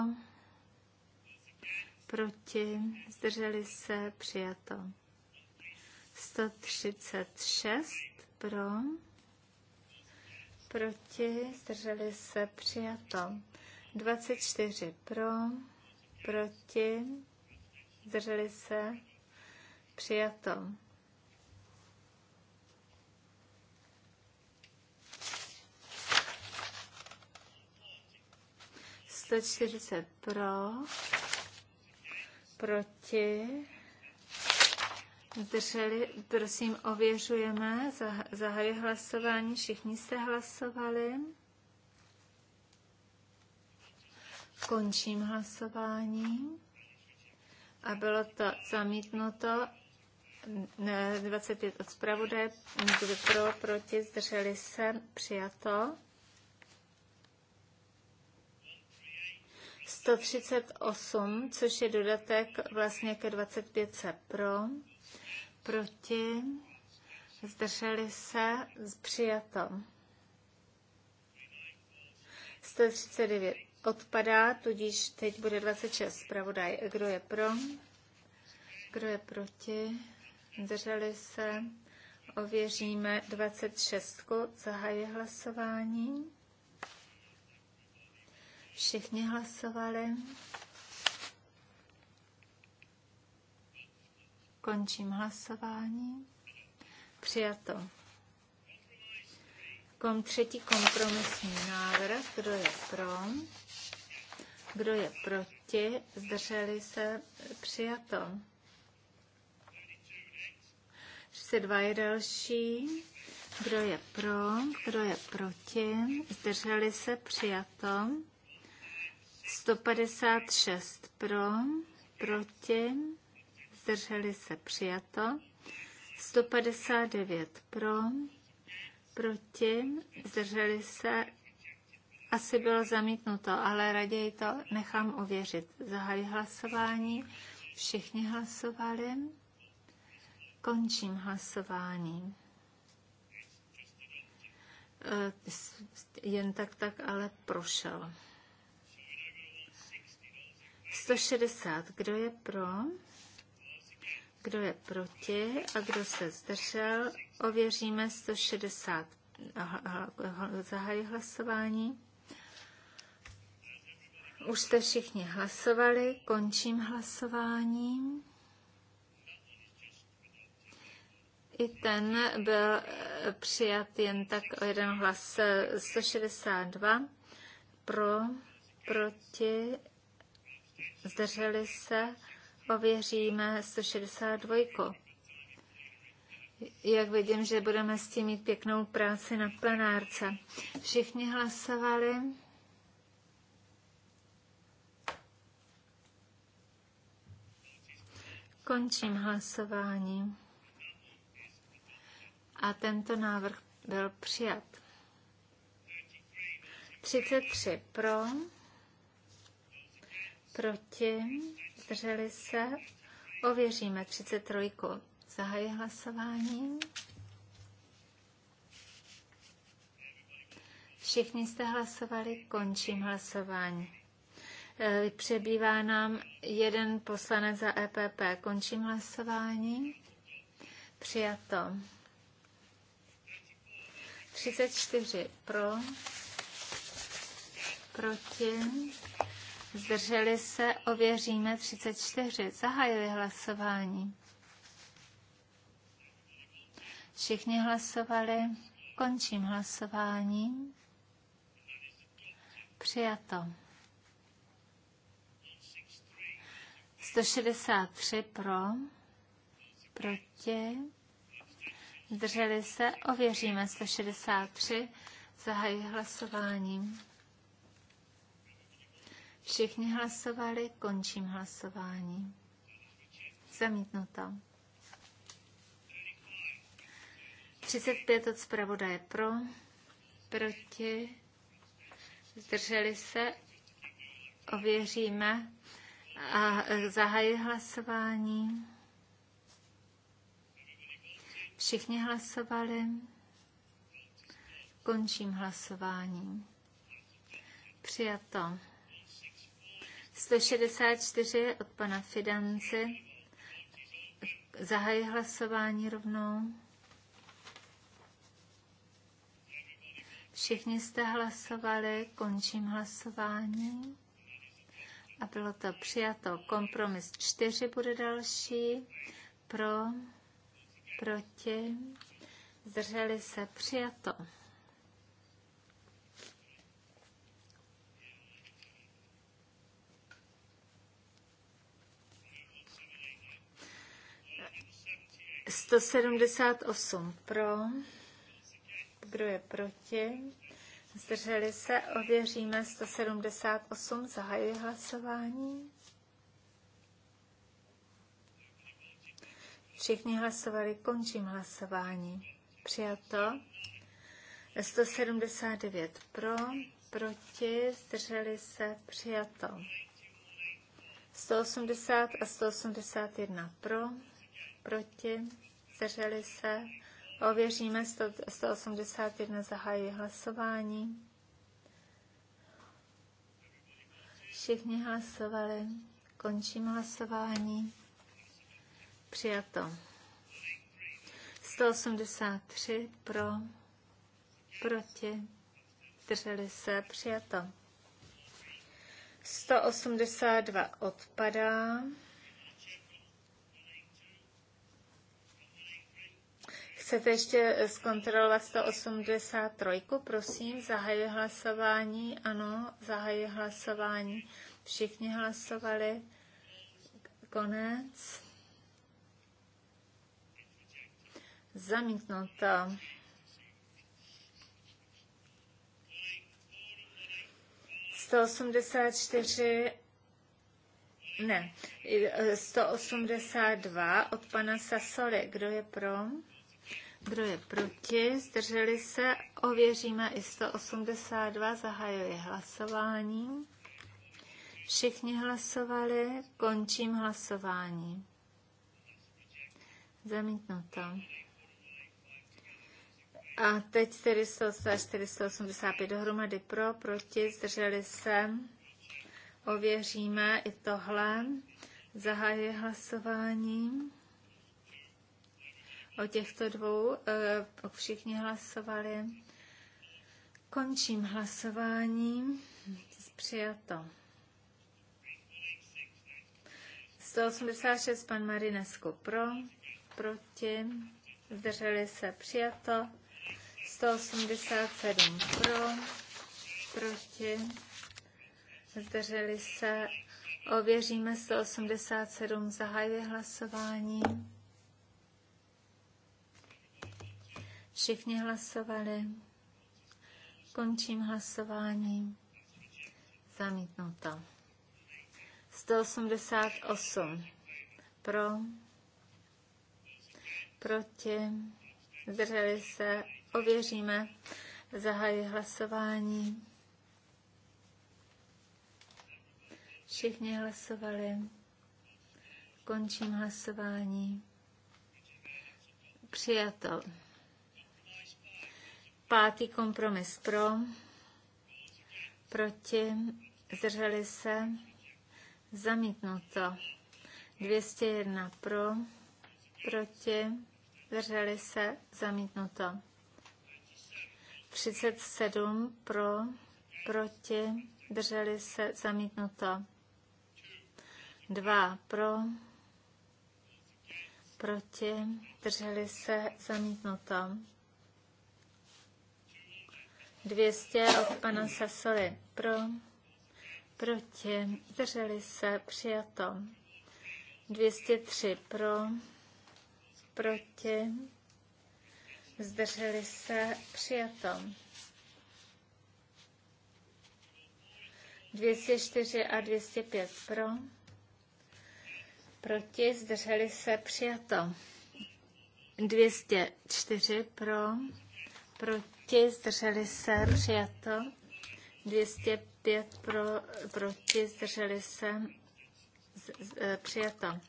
proti, zdrželi se, přijato. 136 pro, proti, zdrželi se, přijato. 24 pro, proti, zdrželi se, přijato. 140 pro, proti, zdrželi, prosím, ověřujeme, zahajuje hlasování, všichni jste hlasovali. Končím hlasování. A bylo to zamítnuto 25 od zpravodaje, pro, proti, zdrželi se, přijato. 138, což je dodatek vlastně ke 25 pro, proti, zdrželi se, přijato. 139 odpadá, tudíž teď bude 26 zpravodaj. Kdo je pro? Kdo je proti? Zdrželi se? Ověříme 26. Zahajuji hlasování. Všichni hlasovali. Končím hlasování. Přijato. Kom třetí kompromisní návrh. Kdo je pro? Kdo je proti? Zdrželi se? Přijato. dva je další. Kdo je pro? Kdo je proti? Zdrželi se? Přijato. 156 pro, proti, zdrželi se přijato. 159 pro, proti, zdrželi se. Asi bylo zamítnuto, ale raději to nechám ověřit. Zahají hlasování. Všichni hlasovali. Končím hlasování. Eh, jen tak, tak, ale prošel. 160. Kdo je pro? Kdo je proti? A kdo se zdržel? Ověříme 160. Zahají hlasování. Už jste všichni hlasovali, končím hlasováním. I ten byl eh, přijat jen tak o jeden hlas 162 eh, pro, proti, zdrželi se, ověříme 162. Jak vidím, že budeme s tím mít pěknou práci na plenárce. Všichni hlasovali. Končím hlasování. A tento návrh byl přijat. 33 pro proti, zdrželi se, ověříme 33. Zahajuji hlasování. Všichni jste hlasovali, končím hlasování. E, přebývá nám jeden poslanec za EPP. Končím hlasování. Přijato. 34 pro, proti, zdrželi se, ověříme 34. Zahajuji hlasování. Všichni hlasovali, končím hlasování. Přijato. 163 pro, proti, zdrželi se, ověříme 163, zahají hlasování. Všichni hlasovali, končím hlasování. Zamítnuto. 35 od zpravodaje pro, proti, zdrželi se, ověříme a zahají hlasování. Všichni hlasovali. Končím hlasování. Přijato. 164 od pana Fidance. Zahají hlasování rovnou. Všichni jste hlasovali, končím hlasování. A bylo to přijato. Kompromis 4 bude další. Pro, proti, zdrželi se, přijato. 178 pro, kdo je proti, zdrželi se, ověříme 178, zahajuji hlasování. Všichni hlasovali, končím hlasování. Přijato. 179 pro, proti, zdrželi se, přijato. 180 a 181 pro proti, zdrželi se, ověříme 181, zahájí hlasování. Všichni hlasovali, končím hlasování. Přijato. 183 pro, proti, zdrželi se, přijato. 182 odpadá. Chcete ještě zkontrolovat 183, prosím, zahajuji hlasování, ano, zahajuji hlasování. Všichni hlasovali. Konec. Zamítnuto. 184 ne, 182 e, od pana Sasole. Kdo je pro? Kdo je proti? Zdrželi se? Ověříme i 182. Zahajuji hlasování. Všichni hlasovali. Končím hlasování. Zamítnuto. A teď 485 dohromady pro, proti, zdrželi se. Ověříme i tohle. Zahajuje hlasování o těchto dvou. Eh, všichni hlasovali. Končím hlasování. Přijato. 186 pan Marinesku pro, proti, zdrželi se přijato. 187 pro, proti, zdrželi se. Ověříme 187, zahajuje hlasování. Všichni hlasovali. Končím hlasování. Zamítnuto. 188 pro, proti, zdrželi se, ověříme, zahajuji hlasování. Všichni hlasovali. Končím hlasování. Přijato. Pátý kompromis pro, proti, zdrželi se, zamítnuto. 201 pro, proti, zdrželi se, zamítnuto. 37 pro, proti, drželi se, zamítnuto. 2 pro, proti, drželi se, zamítnuto. 200 od pana Sasoli. Pro, proti, drželi se, přijato. 203 pro, proti, zdrželi se, přijato. 204 a 205 pro, proti, zdrželi se, přijato. 204 pro, proti, proti, zdrželi se, přijato. 205 pro, proti, zdrželi se, z, z, e, přijato.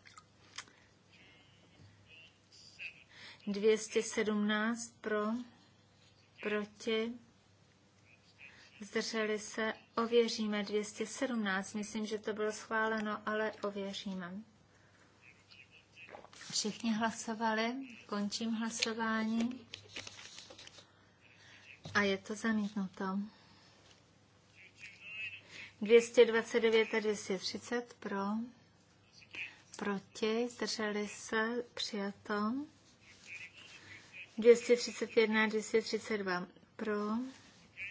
217 pro, proti, zdrželi se, ověříme 217. Myslím, že to bylo schváleno, ale ověříme. Všichni hlasovali, končím hlasování. A je to zamítnuto. 229 a 230 pro, proti, zdrželi se, přijato. 231 a 232 pro,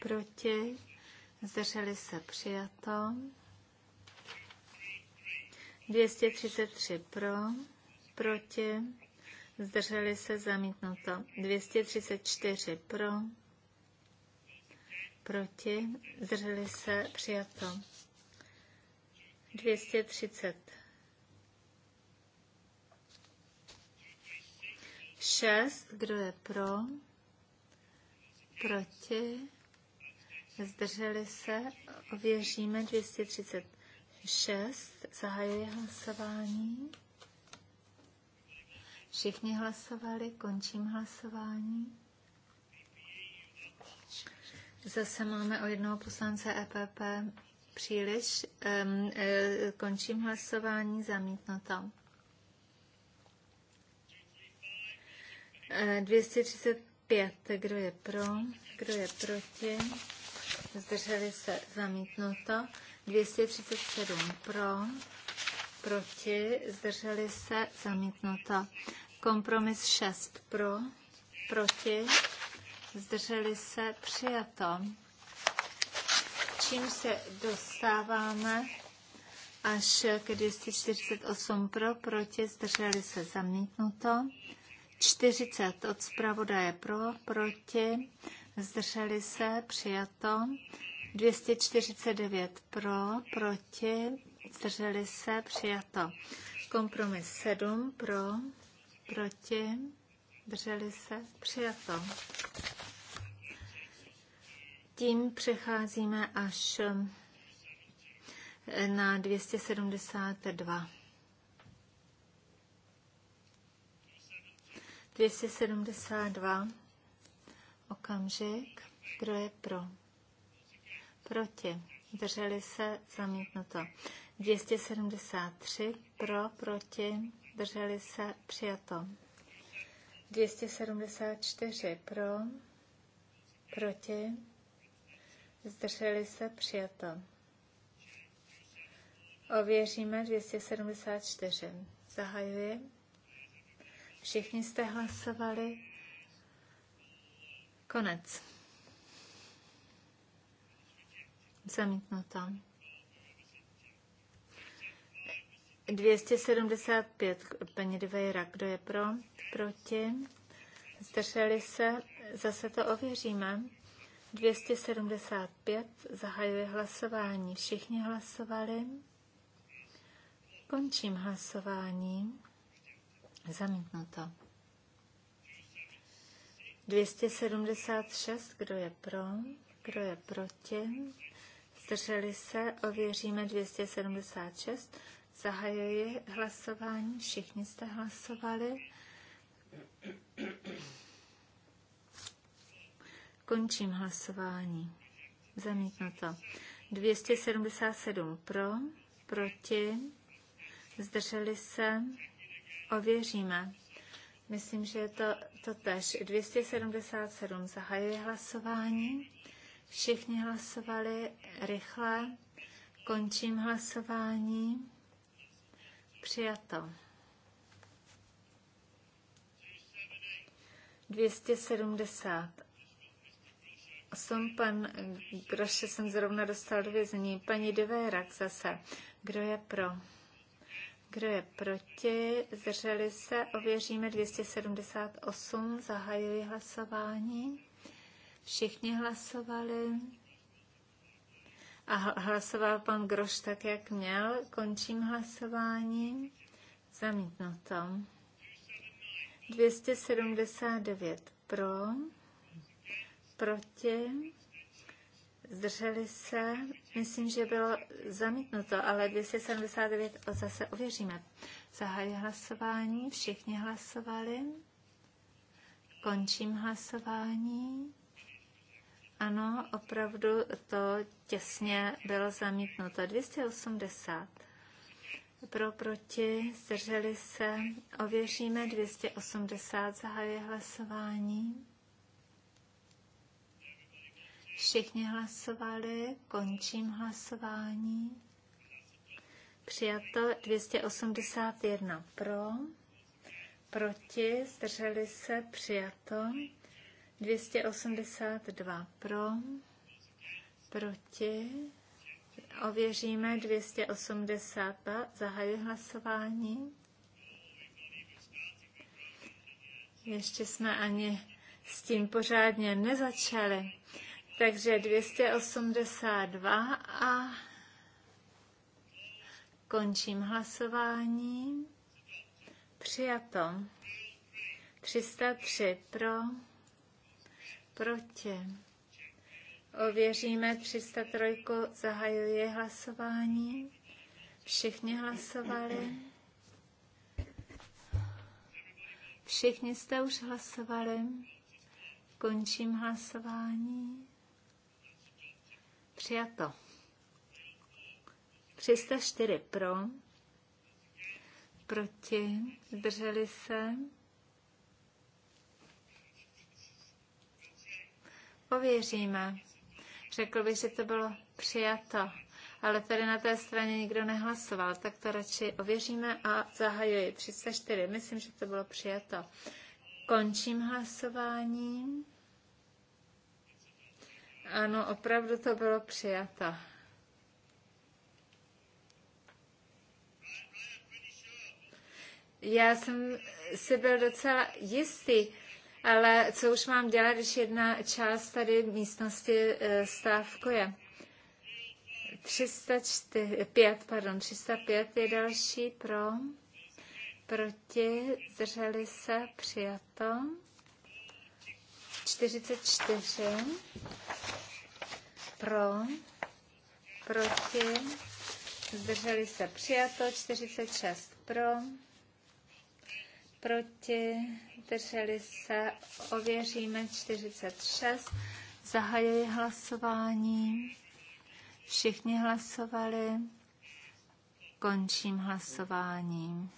proti, zdrželi se, přijato. 233 pro, proti, zdrželi se, zamítnuto. 234 pro, proti, zdrželi se, přijato. 230. 6. Kdo je pro? Proti? Zdrželi se? Ověříme 236. Zahajuje hlasování. Všichni hlasovali, končím hlasování. Zase máme o jednoho poslance EPP příliš. Um, uh, končím hlasování, zamítnuto. Uh, e, 235. Kdo je pro? Kdo je proti? Zdrželi se zamítnuto. 237 pro, proti, zdrželi se zamítnuto. Kompromis 6 pro, proti, zdrželi se, přijato. Čím se dostáváme až k 248 pro, proti, zdrželi se, zamítnuto. 40 od zpravodaje pro, proti, zdrželi se, přijato. 249 pro, proti, zdrželi se, přijato. Kompromis 7 pro, proti, zdrželi se, přijato tím přecházíme až eh, na 272. 272. Okamžik. Kdo je pro? Proti. Drželi se zamítnuto. 273. Pro, proti. Drželi se přijato. 274. Pro, proti zdrželi se, přijato. Ověříme 274. Zahajuji. Všichni jste hlasovali. Konec. Zamítnuto. 275, paní Dvejra, kdo je pro? Proti? Zdrželi se? Zase to ověříme. 275 zahajuje hlasování. Všichni hlasovali. Končím hlasování. Zamítnuto. 276, kdo je pro, kdo je proti. Zdrželi se, ověříme 276. Zahajuji hlasování, všichni jste hlasovali. Končím hlasování. Zamítnuto. 277 pro, proti, zdrželi se, ověříme. Myslím, že je to, to tež. 277 zahajuje hlasování. Všichni hlasovali rychle. Končím hlasování. Přijato. 270 jsem pan Groše, jsem zrovna dostal do vězení. Paní Devérak zase. Kdo je pro? Kdo je proti? Zdrželi se? Ověříme 278. Zahajuji hlasování. Všichni hlasovali. A hlasoval pan Groš tak, jak měl. Končím hlasování. Zamítnuto. 279 pro proti, zdrželi se, myslím, že bylo zamítnuto, ale 279 zase ověříme. Zahajuji hlasování, všichni hlasovali, končím hlasování. Ano, opravdu to těsně bylo zamítnuto. 280. Pro, proti, zdrželi se, ověříme 280, zahajuje hlasování. Všichni hlasovali, končím hlasování. Přijato 281 pro, proti, zdrželi se, přijato 282 pro, proti, ověříme 282, zahajuji hlasování. Ještě jsme ani s tím pořádně nezačali. Takže 282 a končím hlasování. Přijato. 303 pro, proti. Ověříme 303, zahajuje hlasování. Všichni hlasovali. Všichni jste už hlasovali. Končím hlasování. Přijato. 304 pro, proti, zdrželi se. Pověříme. Řekl bych, že to bylo přijato, ale tady na té straně nikdo nehlasoval, tak to radši ověříme a zahajuji 304. Myslím, že to bylo přijato. Končím hlasování. Ano, opravdu to bylo přijata. Já jsem si byl docela jistý, ale co už mám dělat, když jedna část tady v místnosti eh, stávkuje. 305, pardon, 305 je další pro, proti, zdrželi se, přijato. 44 pro, proti, zdrželi se přijato, 46 pro, proti, zdrželi se, ověříme 46, zahajuji hlasování, všichni hlasovali, končím hlasování.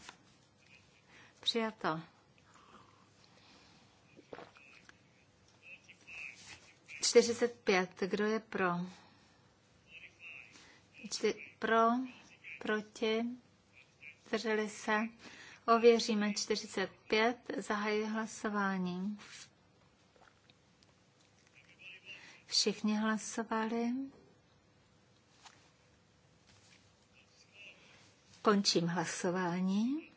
Přijato. 45. Kdo je pro? Čty, pro, proti, zdrželi se. Ověříme 45. Zahajuji hlasování. Všichni hlasovali. Končím hlasování.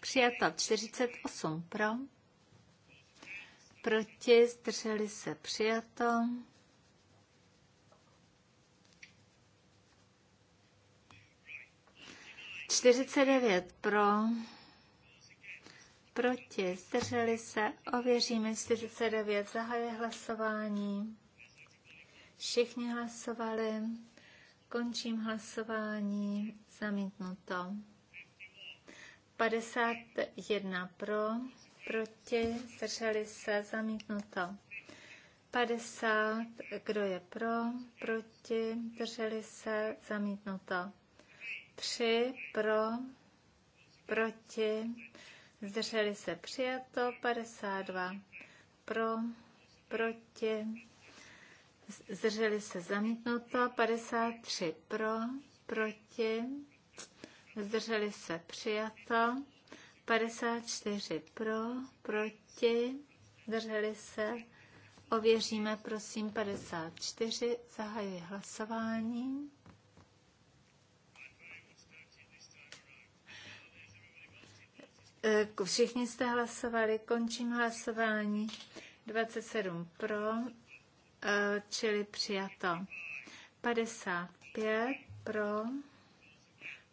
Přijato 48 pro proti, zdrželi se přijato. Čtyřicet devět pro, proti, zdrželi se, ověříme 49, zahaje hlasování. Všichni hlasovali, končím hlasování, zamítnuto. 51 pro, proti, zdrželi se, zamítnuto. 50, kdo je pro, proti, zdrželi se, zamítnuto. 3, pro, proti, zdrželi se, přijato. 52, pro, proti, zdrželi se, zamítnuto. 53, pro, proti, zdrželi se, přijato. 54 pro, proti, drželi se. Ověříme, prosím, 54. Zahajuji hlasování. E, všichni jste hlasovali, končím hlasování. 27 pro, e, čili přijato. 55 pro,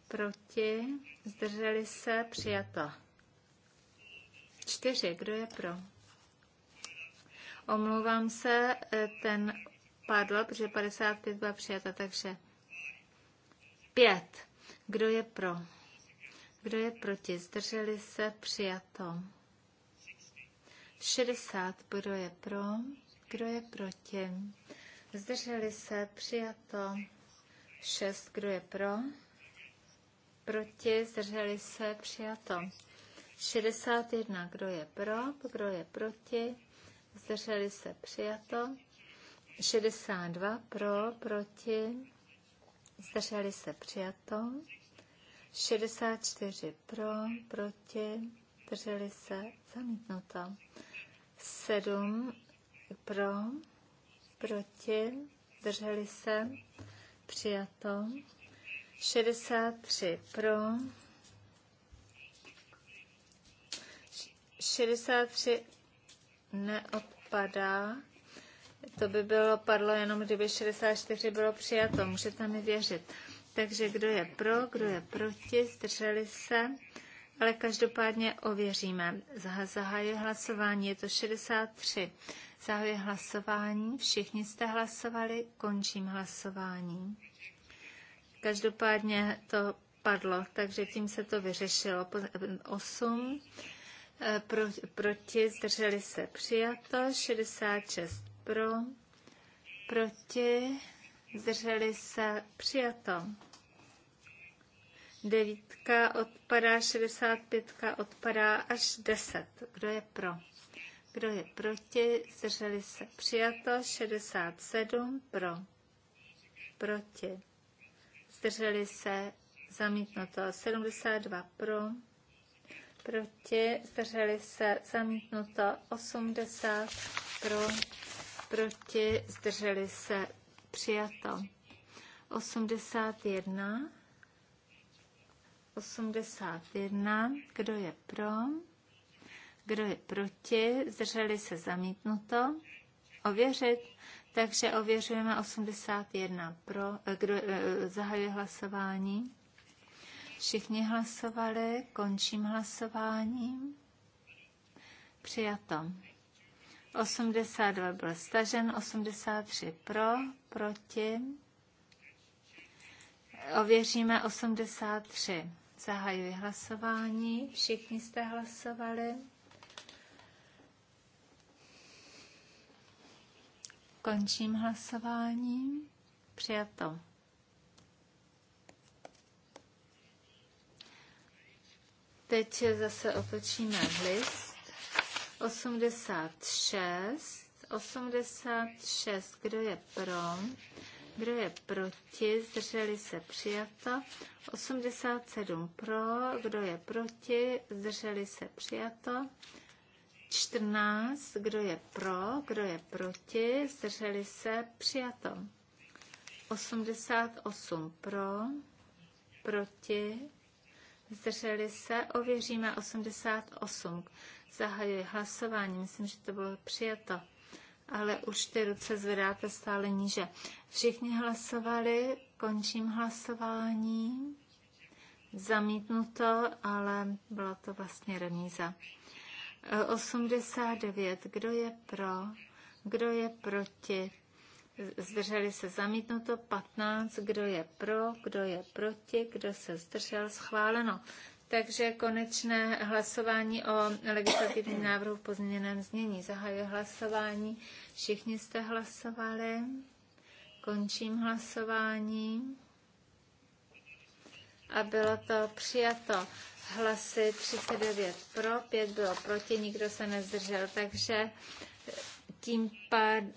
proti, zdrželi se, přijato. Čtyři, Kdo je pro? Omlouvám se, e, ten padl, protože 55 byla přijata, takže pět, Kdo je pro? Kdo je proti? Zdrželi se přijato. 60. Kdo je pro? Kdo je proti? Zdrželi se přijato. 6. Kdo je pro? Proti? Zdrželi se přijato. 61. Kdo je pro? Kdo je proti? Zdrželi se přijato. 62. Pro, proti? Zdrželi se přijato. 64. Pro, proti? Zdrželi se zamítnuto. 7. Pro, proti? Zdrželi se přijato. 63. Pro, 63 neodpadá. To by bylo padlo jenom, kdyby 64 bylo přijato. Můžete mi věřit. Takže kdo je pro, kdo je proti, zdrželi se. Ale každopádně ověříme. Zahajuji hlasování, je to 63. Zahajuji hlasování, všichni jste hlasovali, končím hlasování. Každopádně to padlo, takže tím se to vyřešilo. 8 Eh, pro, proti, zdrželi se přijato, 66 pro, proti, zdrželi se přijato. Devítka odpadá, 65 odpadá až 10. Kdo je pro? Kdo je proti? Zdrželi se přijato, 67 pro, proti, zdrželi se zamítnuto, 72 pro, proti, zdrželi se, zamítnuto 80 pro, proti, zdrželi se, přijato 81, 81, kdo je pro, kdo je proti, zdrželi se, zamítnuto, ověřit, takže ověřujeme 81 pro, eh, kdo eh, zahajuje hlasování. Všichni hlasovali, končím hlasováním. Přijato. 82 byl stažen, 83 pro, proti. Ověříme 83. Zahajuji hlasování. Všichni jste hlasovali. Končím hlasování. Přijato. Teď zase otočíme list. 86. 86. Kdo je pro? Kdo je proti? Zdrželi se přijato. 87 pro. Kdo je proti? Zdrželi se přijato. 14. Kdo je pro? Kdo je proti? Zdrželi se přijato. 88 pro. Proti zdrželi se, ověříme 88. Zahajuji hlasování, myslím, že to bylo přijato. Ale už ty ruce zvedáte stále níže. Všichni hlasovali, končím hlasování. Zamítnuto, ale byla to vlastně remíza. 89. Kdo je pro? Kdo je proti? zdrželi se zamítnuto, 15, kdo je pro, kdo je proti, kdo se zdržel, schváleno. Takže konečné hlasování o legislativním návrhu v pozměněném znění. Zahajuje hlasování. Všichni jste hlasovali. Končím hlasování. A bylo to přijato hlasy 39 pro, 5 bylo proti, nikdo se nezdržel. Takže tím pádem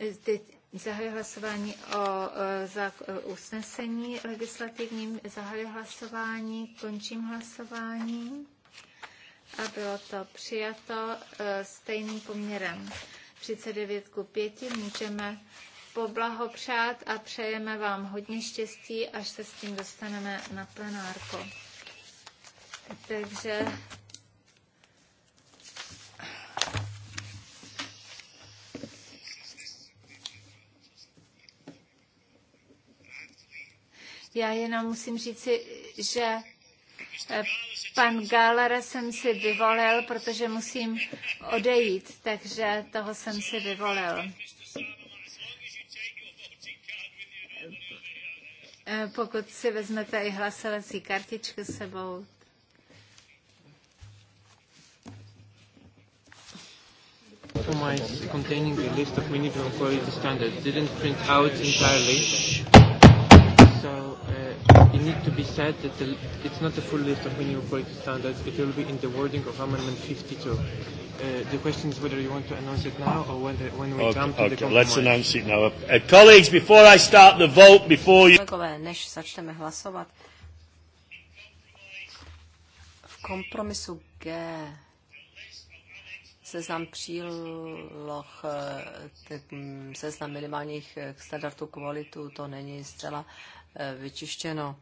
Zahajuji hlasování o e, za, e, usnesení legislativním. Zahajuji hlasování, končím hlasování a bylo to přijato e, stejným poměrem. 39 ku 5 můžeme poblahopřát a přejeme vám hodně štěstí, až se s tím dostaneme na plenárko. Takže Já jenom musím říci, že eh, pan Gálera jsem si vyvolil, protože musím odejít, takže toho jsem si vyvolil. Eh, pokud si vezmete i hlasovací kartičku s sebou, containing the list of minimum quality standards didn't print out entirely. So it needs to be said that the, it's not a full list of minimum quality standards. It will be in the wording of Amendment 52. Uh, the question is whether you want to announce it now or whether, when we okay, come to okay, the compromise. Let's announce it now. Uh, colleagues, before I start the vote, before you... než začneme hlasovat, v kompromisu G seznam příloh, eh, seznam minimálních eh, standardů kvalitu, to není zcela uh, Eh, vyčištěno.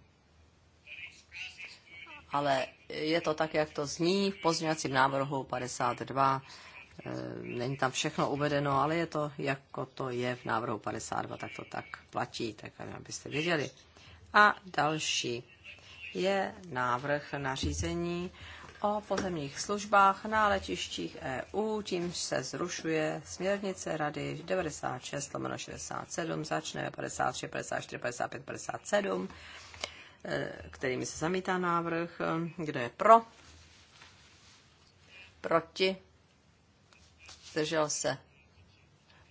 Ale je to tak, jak to zní v pozměňovacím návrhu 52. Eh, není tam všechno uvedeno, ale je to, jako to je v návrhu 52, tak to tak platí, tak abyste věděli. A další je návrh nařízení o pozemních službách na letištích EU, tím se zrušuje směrnice Rady 96 67, začne 53, 54, 55, 57, kterými se zamítá návrh. Kdo je pro? Proti? Zdržel se?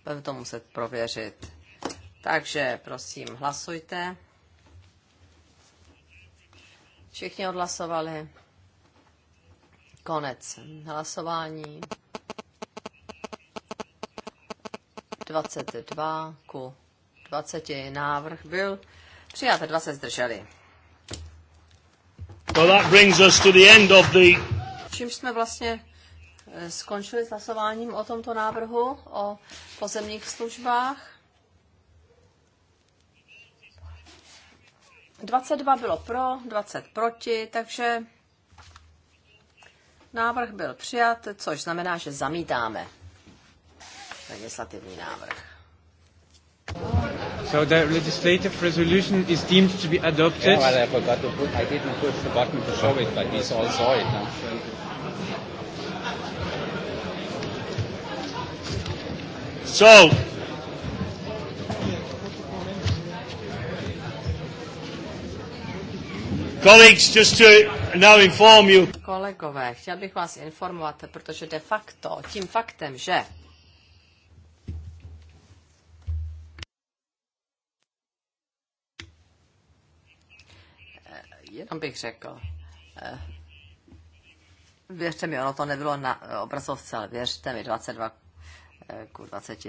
Budeme to muset prověřit. Takže prosím, hlasujte. Všichni odhlasovali. Konec hlasování. 22 ku 20 návrh byl přijat 20 dva se zdrželi. Well, that brings us to the end of the... Čím jsme vlastně eh, skončili s hlasováním o tomto návrhu o pozemních službách. 22 bylo pro, 20 proti, takže Návrh byl přijat, což znamená, že zamítáme legislativní návrh. So the legislative resolution is deemed to be adopted. Yeah, well, I er forgot to put, I didn't push the button to show it, but we all saw it. No? So, colleagues, just to now inform you. Kolegové, chtěl bych vás informovat, protože de facto tím faktem, že eh, jenom bych řekl, eh, věřte mi, ono to nebylo na obrazovce, ale věřte mi, 22 eh, ku 20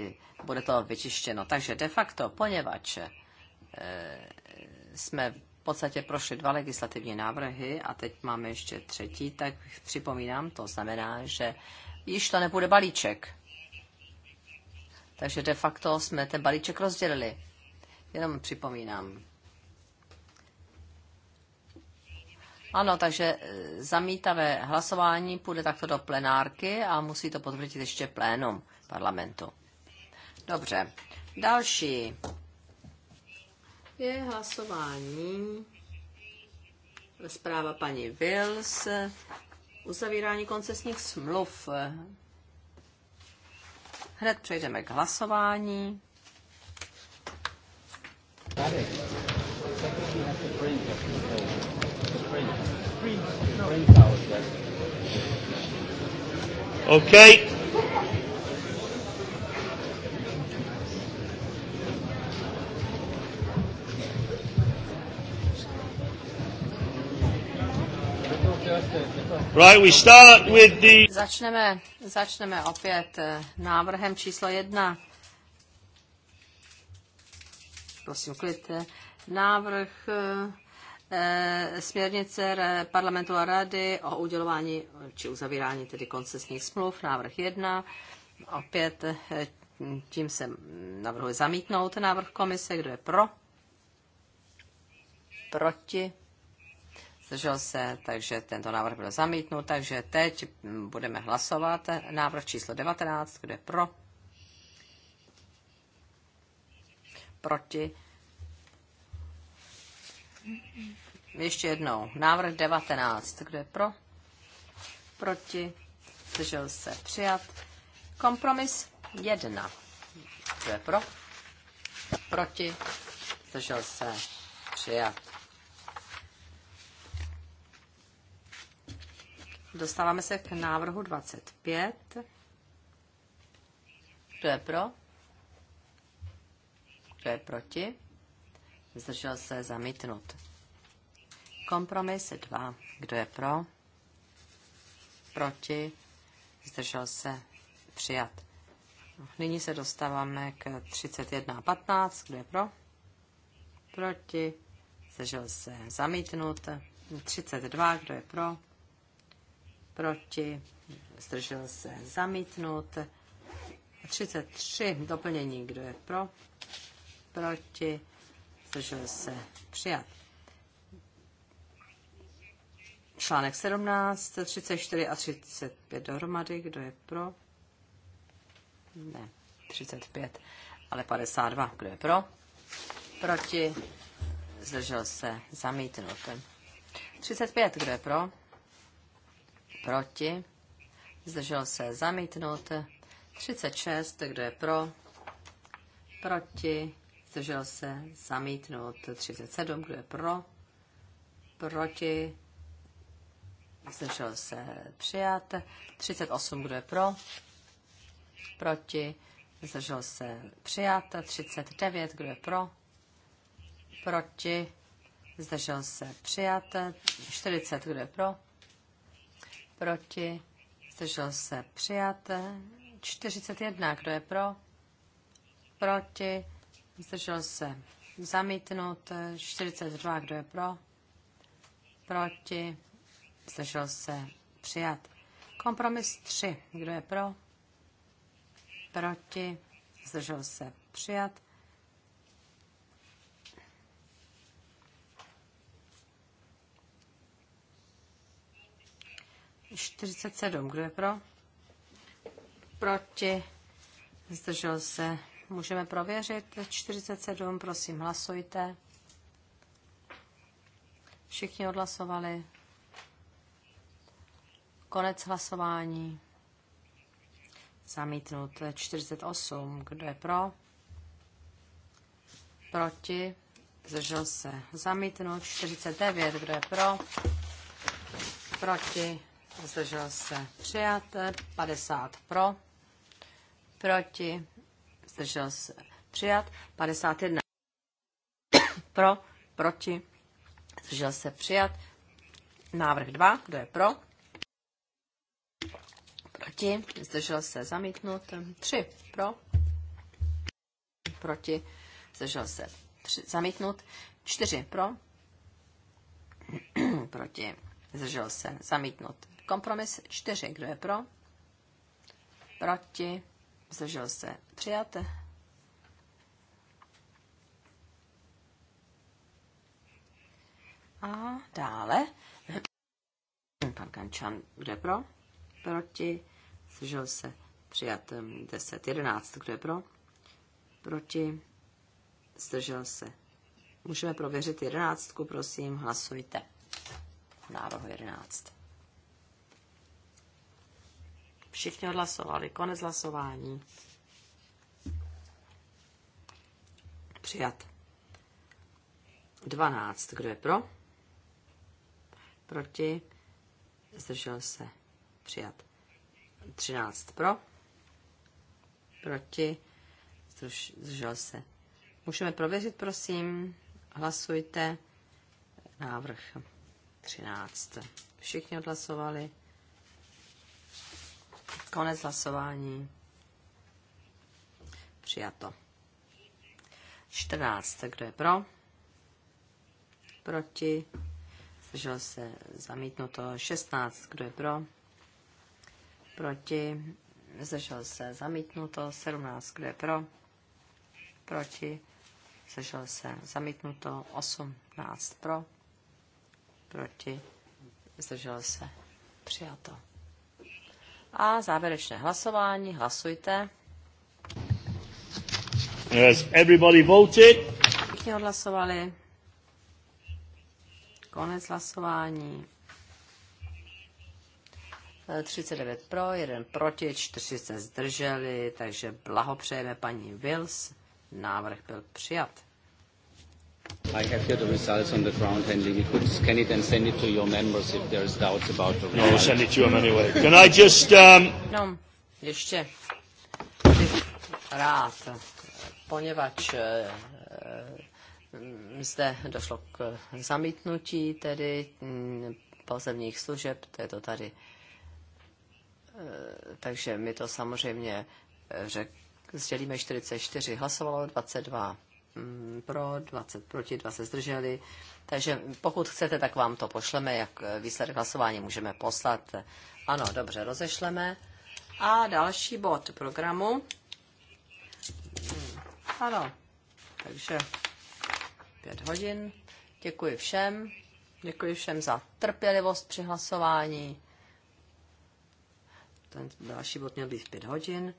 bude to vyčištěno. Takže de facto, poněvadž jsme podstatě prošly dva legislativní návrhy a teď máme ještě třetí, tak připomínám, to znamená, že již to nebude balíček. Takže de facto jsme ten balíček rozdělili. Jenom připomínám. Ano, takže e, zamítavé hlasování půjde takto do plenárky a musí to potvrdit ještě plénum parlamentu. Dobře. Další je hlasování. Zpráva paní Wills. Uzavírání koncesních smluv. Hned přejdeme k hlasování. Okay. Right, we start with the... Začneme, začneme opět eh, návrhem číslo jedna. Prosím, klid. Eh. Návrh e, směrnice parlamentu a rady o udělování či uzavírání tedy koncesních smluv, návrh jedna. Opět tím se navrhuje zamítnout návrh komise. Kdo je pro? Proti? zdržel se, takže tento návrh byl zamítnut, takže teď budeme hlasovat návrh číslo 19, kde pro, proti, ještě jednou, návrh 19, kde pro, proti, zdržel se, přijat, kompromis 1, kde pro, proti, zdržel se, přijat. Dostáváme se k návrhu 25. Kdo je pro? Kdo je proti? Zdržel se zamítnut. Kompromis 2. Kdo je pro? Proti? Zdržel se přijat. Nyní se dostáváme k 31 15. Kdo je pro? Proti? Zdržel se zamítnut. 32. Kdo je pro? proti, zdržel se zamítnut. 33 doplnění, kdo je pro, proti, zdržel se přijat. Článek 17, 34 a 35 dohromady, kdo je pro? Ne, 35, ale 52, kdo je pro? Proti, zdržel se zamítnut. 35, kdo je pro? proti, zdržel se zamítnout, 36, kdo je pro, proti, zdržel se zamítnout, 37, kdo je pro, proti, zdržel se přijat, 38, kdo je pro, proti, zdržel se přijat, 39, kdo je pro, proti, zdržel se přijat, 40, kdo je pro, proti, zdržel se přijat. 41, kdo je pro, proti, zdržel se zamítnut. 42, kdo je pro, proti, zdržel se přijat. Kompromis 3, kdo je pro, proti, zdržel se přijat. 47. Kdo je pro? Proti? Zdržel se. Můžeme prověřit. 47. Prosím, hlasujte. Všichni odhlasovali. Konec hlasování. Zamítnut 48. Kdo je pro? Proti? Zdržel se. Zamítnut 49. Kdo je pro? Proti? zdržel se přijat, 50 pro, proti, zdržel se přijat, 51 pro, proti, zdržel se přijat, návrh 2, kdo je pro, proti, zdržel se zamítnut, 3 pro, proti, zdržel se tři, zamítnut, 4 pro, proti, zdržel se zamítnut, Kompromis 4. Kdo je pro? Proti? Zdržel se. Přijate? A dále. Pan Kančan, kdo je pro? Proti? Zdržel se. Přijat 10. 11. Kdo je pro? Proti? Zdržel se. Můžeme prověřit jedenáctku, prosím, hlasujte. Návrh 11. Všichni odhlasovali. Konec hlasování. Přijat. 12. Kdo je pro? Proti? Zdržel se. Přijat. 13. Pro? Proti? Zdržel se. Můžeme prověřit, prosím. Hlasujte. Návrh 13. Všichni odhlasovali. Konec hlasování. Přijato. 14. Kdo je pro? Proti? Zdržel se zamítnuto. 16. Kdo je pro? Proti? Zdržel se zamítnuto. 17. Kdo je pro? Proti? Zdržel se zamítnuto. 18. Pro? Proti? Zdržel se přijato. A závěrečné hlasování, hlasujte. Yes, everybody voted. Všichni odhlasovali. Konec hlasování. 39 eh, pro, 1 proti, 4 se zdrželi, takže blahopřejeme paní Wills. Návrh byl přijat. I have here the results on the ground handling. You could scan it and send it to your members if there is doubts about the no, results. No, I'll send it to them anyway. Can I just... Um... No, ještě rád, poněvadž eh, eh, zde došlo k zamítnutí tedy mm, pozemních služeb, to je to tady. Eh, takže my to samozřejmě řek, sdělíme 44, hlasovalo 22 Mm, pro, 20 proti, 2 se zdrželi. Takže pokud chcete, tak vám to pošleme, jak eh, výsledek hlasování můžeme poslat. Ano, dobře, rozešleme. A další bod programu. Hmm, ano, takže pět hodin. Děkuji všem. Děkuji všem za trpělivost při hlasování. Ten další bod měl být v pět hodin.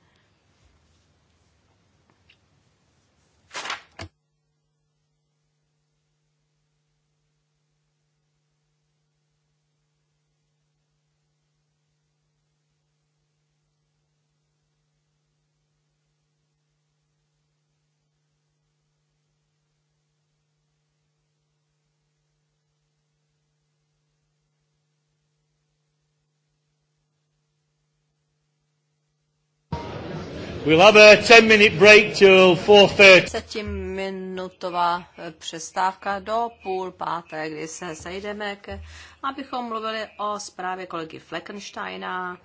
We'll have a 10 minute break till 4.30. minutová eh, přestávka do půl páté, kdy se sejdeme, k, abychom mluvili o zprávě kolegy Fleckensteina.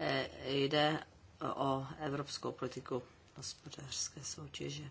Eh, jde o evropskou politiku hospodářské soutěže.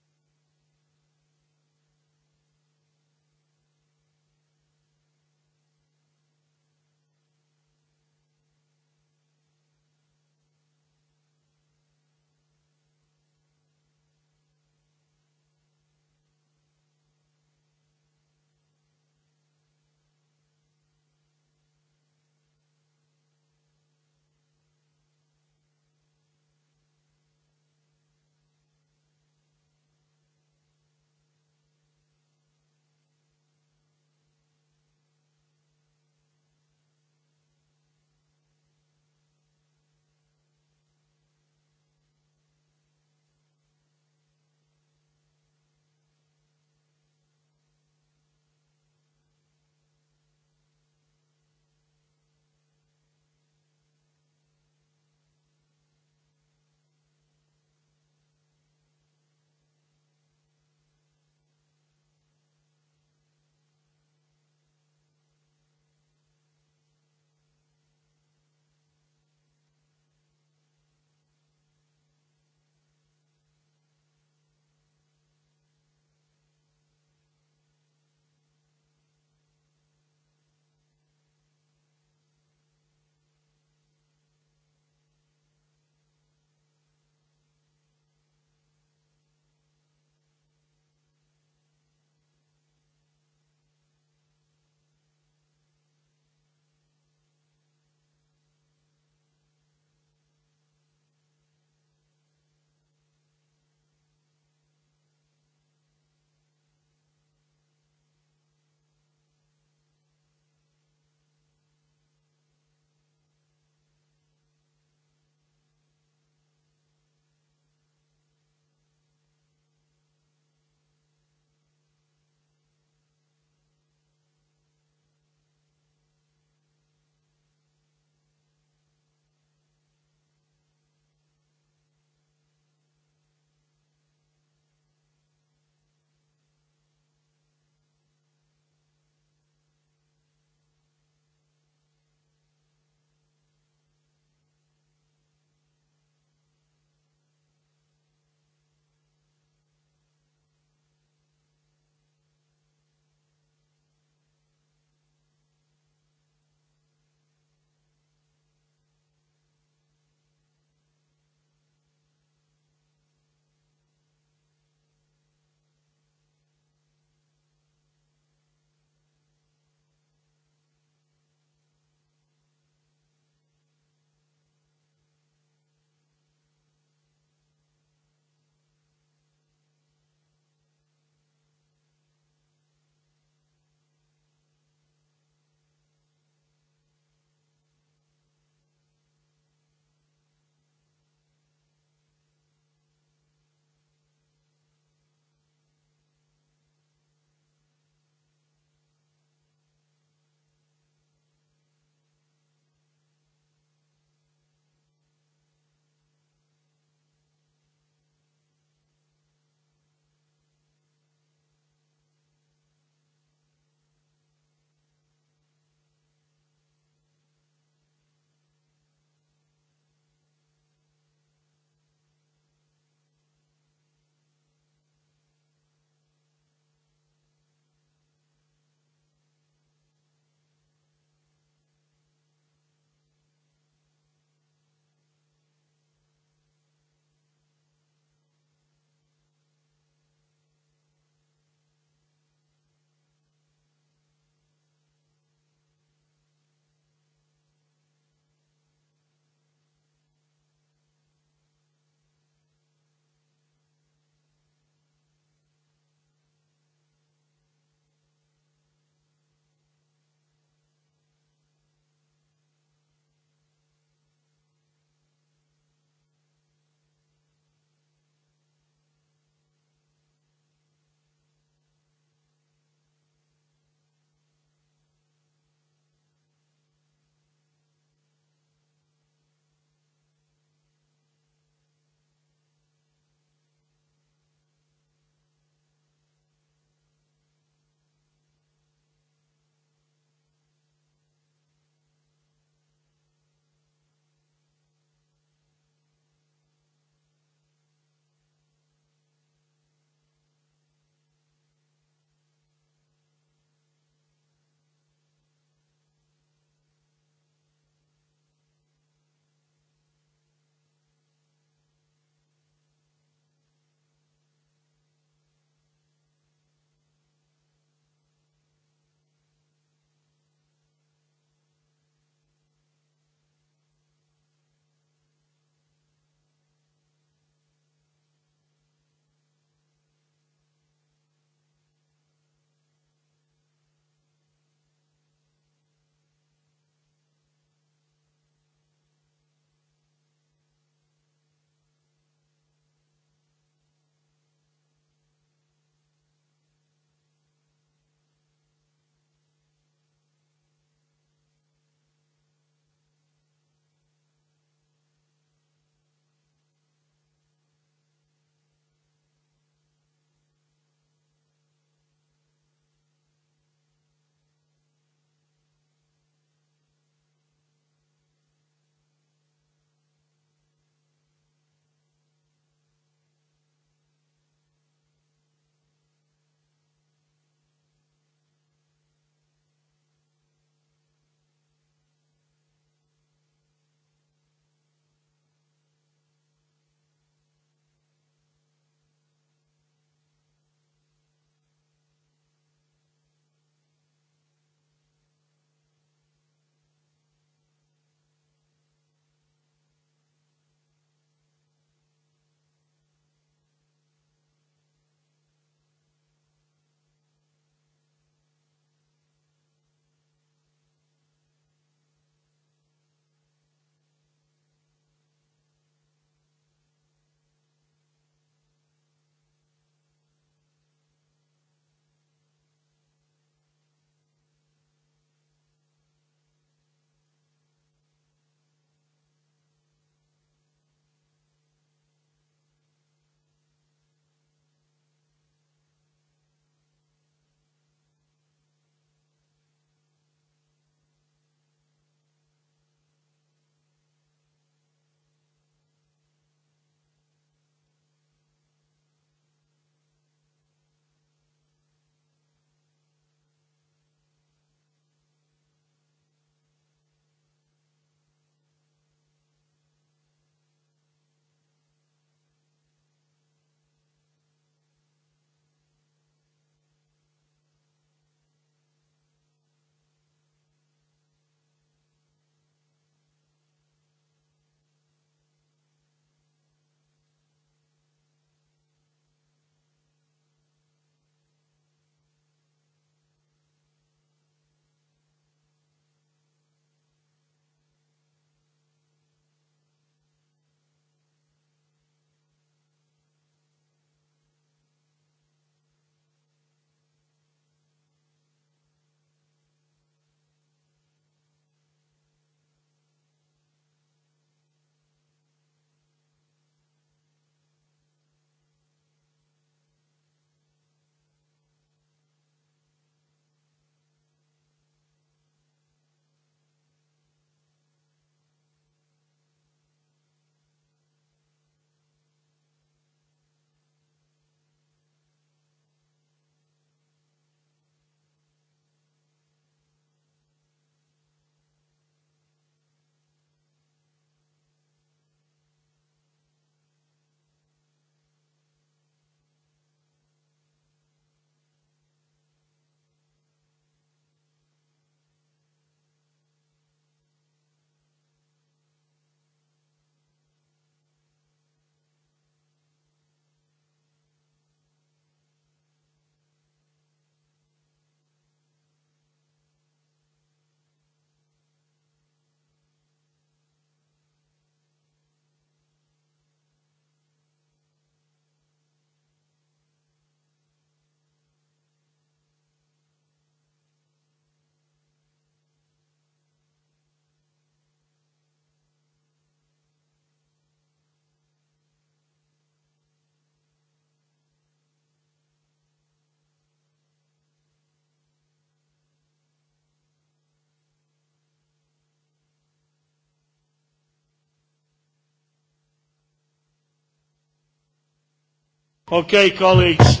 Okay, colleagues.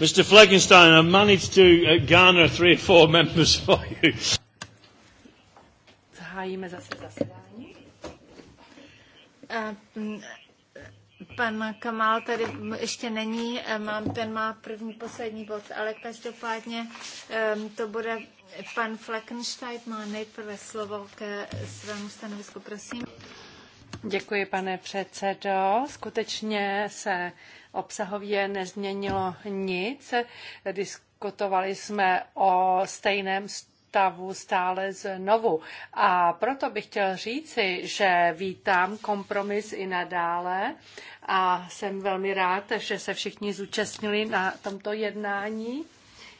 Mr. Fleckenstein, I've managed to uh, garner three or four members for you. Zahájíme zase zasedání. Uh, pan Kamal tady ještě není, eh, mám, ten má první, poslední bod, ale každopádně um, to bude, pan Fleckenstein má nejprve slovo ke svému stanovisku, prosím. Děkuji, pane předsedo. Skutečně se obsahově nezměnilo nic. Diskutovali jsme o stejném stavu stále znovu. A proto bych chtěl říci, že vítám kompromis i nadále a jsem velmi rád, že se všichni zúčastnili na tomto jednání.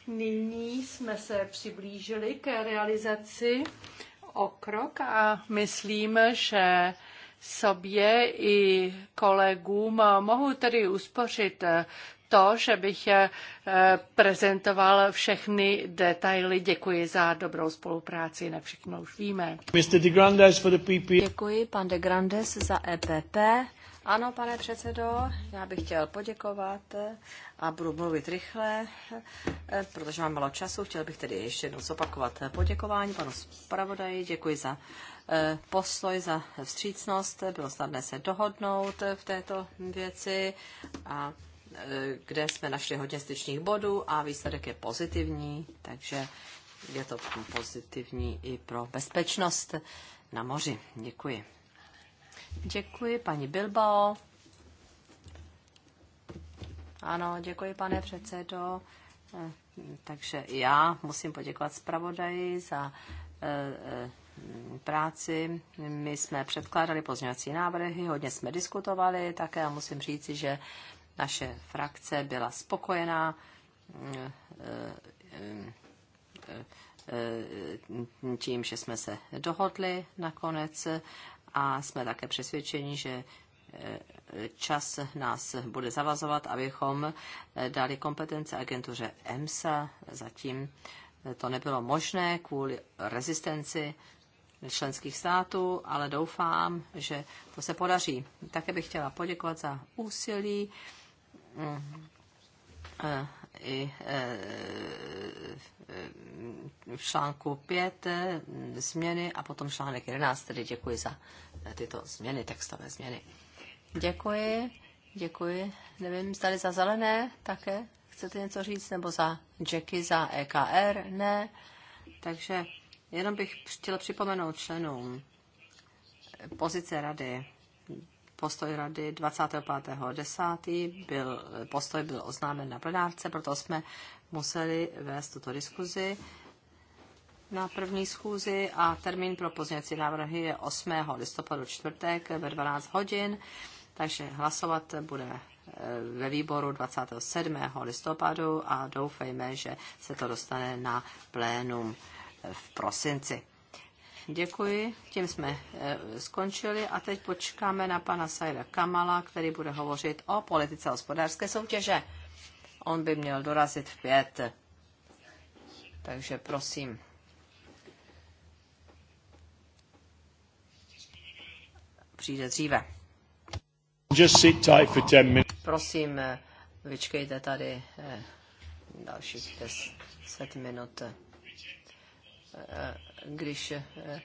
Nyní jsme se přiblížili k realizaci o krok a myslím, že sobě i kolegům mohu tedy uspořit to, že bych eh, prezentoval všechny detaily. Děkuji za dobrou spolupráci, na všechno už víme. Mr. De Děkuji, pan De Grandes za EPP. Ano, pane předsedo, já bych chtěl poděkovat eh, a budu mluvit rychle, eh, protože mám málo času. Chtěl bych tedy ještě jednou zopakovat poděkování panu zpravodaji. Děkuji za Eh, postoj, za vstřícnost. Eh, bylo snadné se dohodnout eh, v této věci a kde jsme našli hodně styčných bodů a výsledek je pozitivní, takže je to pozitivní i pro bezpečnost na moři. Děkuji. Děkuji, paní Bilbao. Ano, děkuji, pane předsedo. Takže já musím poděkovat zpravodaji za práci. My jsme předkládali pozměňovací návrhy, hodně jsme diskutovali také a musím říci, že naše frakce byla spokojená tím, že jsme se dohodli nakonec a jsme také přesvědčeni, že čas nás bude zavazovat, abychom dali kompetence agentuře EMSA. Zatím to nebylo možné kvůli rezistenci členských států, ale doufám, že to se podaří. Také bych chtěla poděkovat za úsilí eh, i eh, v článku 5 eh, změny a potom článek 11, tedy děkuji za tyto změny, textové změny. Děkuji, děkuji. Nevím, zdali za zelené také chcete něco říct, nebo za Jackie, za EKR, ne. Takže Jenom bych chtěl připomenout členům pozice rady. Postoj rady 25.10. Byl, postoj byl oznámen na plenárce, proto jsme museli vést tuto diskuzi na první schůzi a termín pro pozměňovací návrhy je 8. listopadu čtvrtek ve 12 hodin, takže hlasovat budeme ve výboru 27. listopadu a doufejme, že se to dostane na plénum v prosinci. Děkuji, tím jsme eh, skončili a teď počkáme na pana Saida Kamala, který bude hovořit o politice hospodářské soutěže. On by měl dorazit v pět. Takže prosím. Přijde dříve. Just sit tight for minutes. Prosím, eh, vyčkejte tady eh, dalších 10 minut když eh,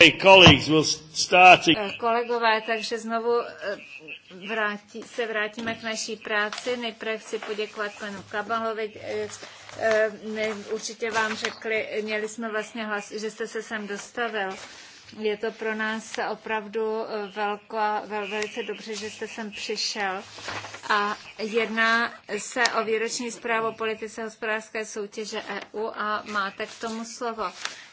Eh, kolegové, takže znovu eh, vrátí, se vrátíme k naší práci. Nejprve chci poděkovat panu Kabalovi. Eh, určitě vám řekli, měli jsme vlastně hlas, že jste se sem dostavil. Je to pro nás opravdu eh, velko, vel, velice dobře, že jste sem přišel. A jedná se o výroční zprávu o politice hospodářské soutěže EU a máte k tomu slovo.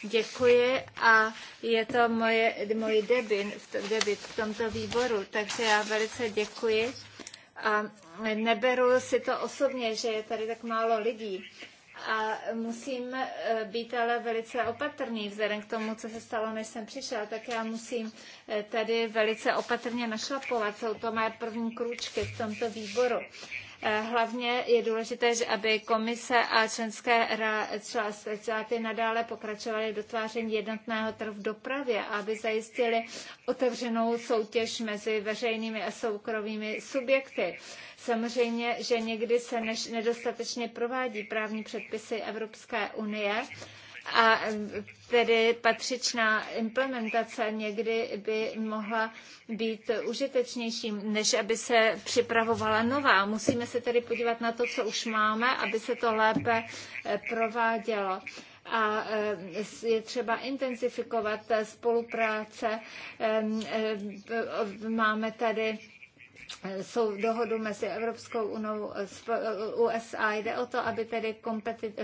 Děkuji a je to moje, můj debin, debit v tomto výboru, takže já velice děkuji. A neberu si to osobně, že je tady tak málo lidí a musím eh, být ale velice opatrný vzhledem k tomu, co se stalo, než jsem přišel, tak já musím eh, tady velice opatrně našlapovat. Jsou to moje první krůčky v tomto výboru. Eh, hlavně je důležité, aby komise a členské státy nadále pokračovaly v dotváření jednotného trhu v dopravě, aby zajistili otevřenou soutěž mezi veřejnými a soukromými subjekty. Samozřejmě, že někdy se nedostatečně provádí právní předpisy Evropské unie a tedy patřičná implementace někdy by mohla být užitečnějším, než aby se připravovala nová. Musíme se tedy podívat na to, co už máme, aby se to lépe eh, provádělo a eh, je třeba intenzifikovat eh, spolupráce. Máme tady jsou dohodu mezi Evropskou unou USA. Jde o to, aby tedy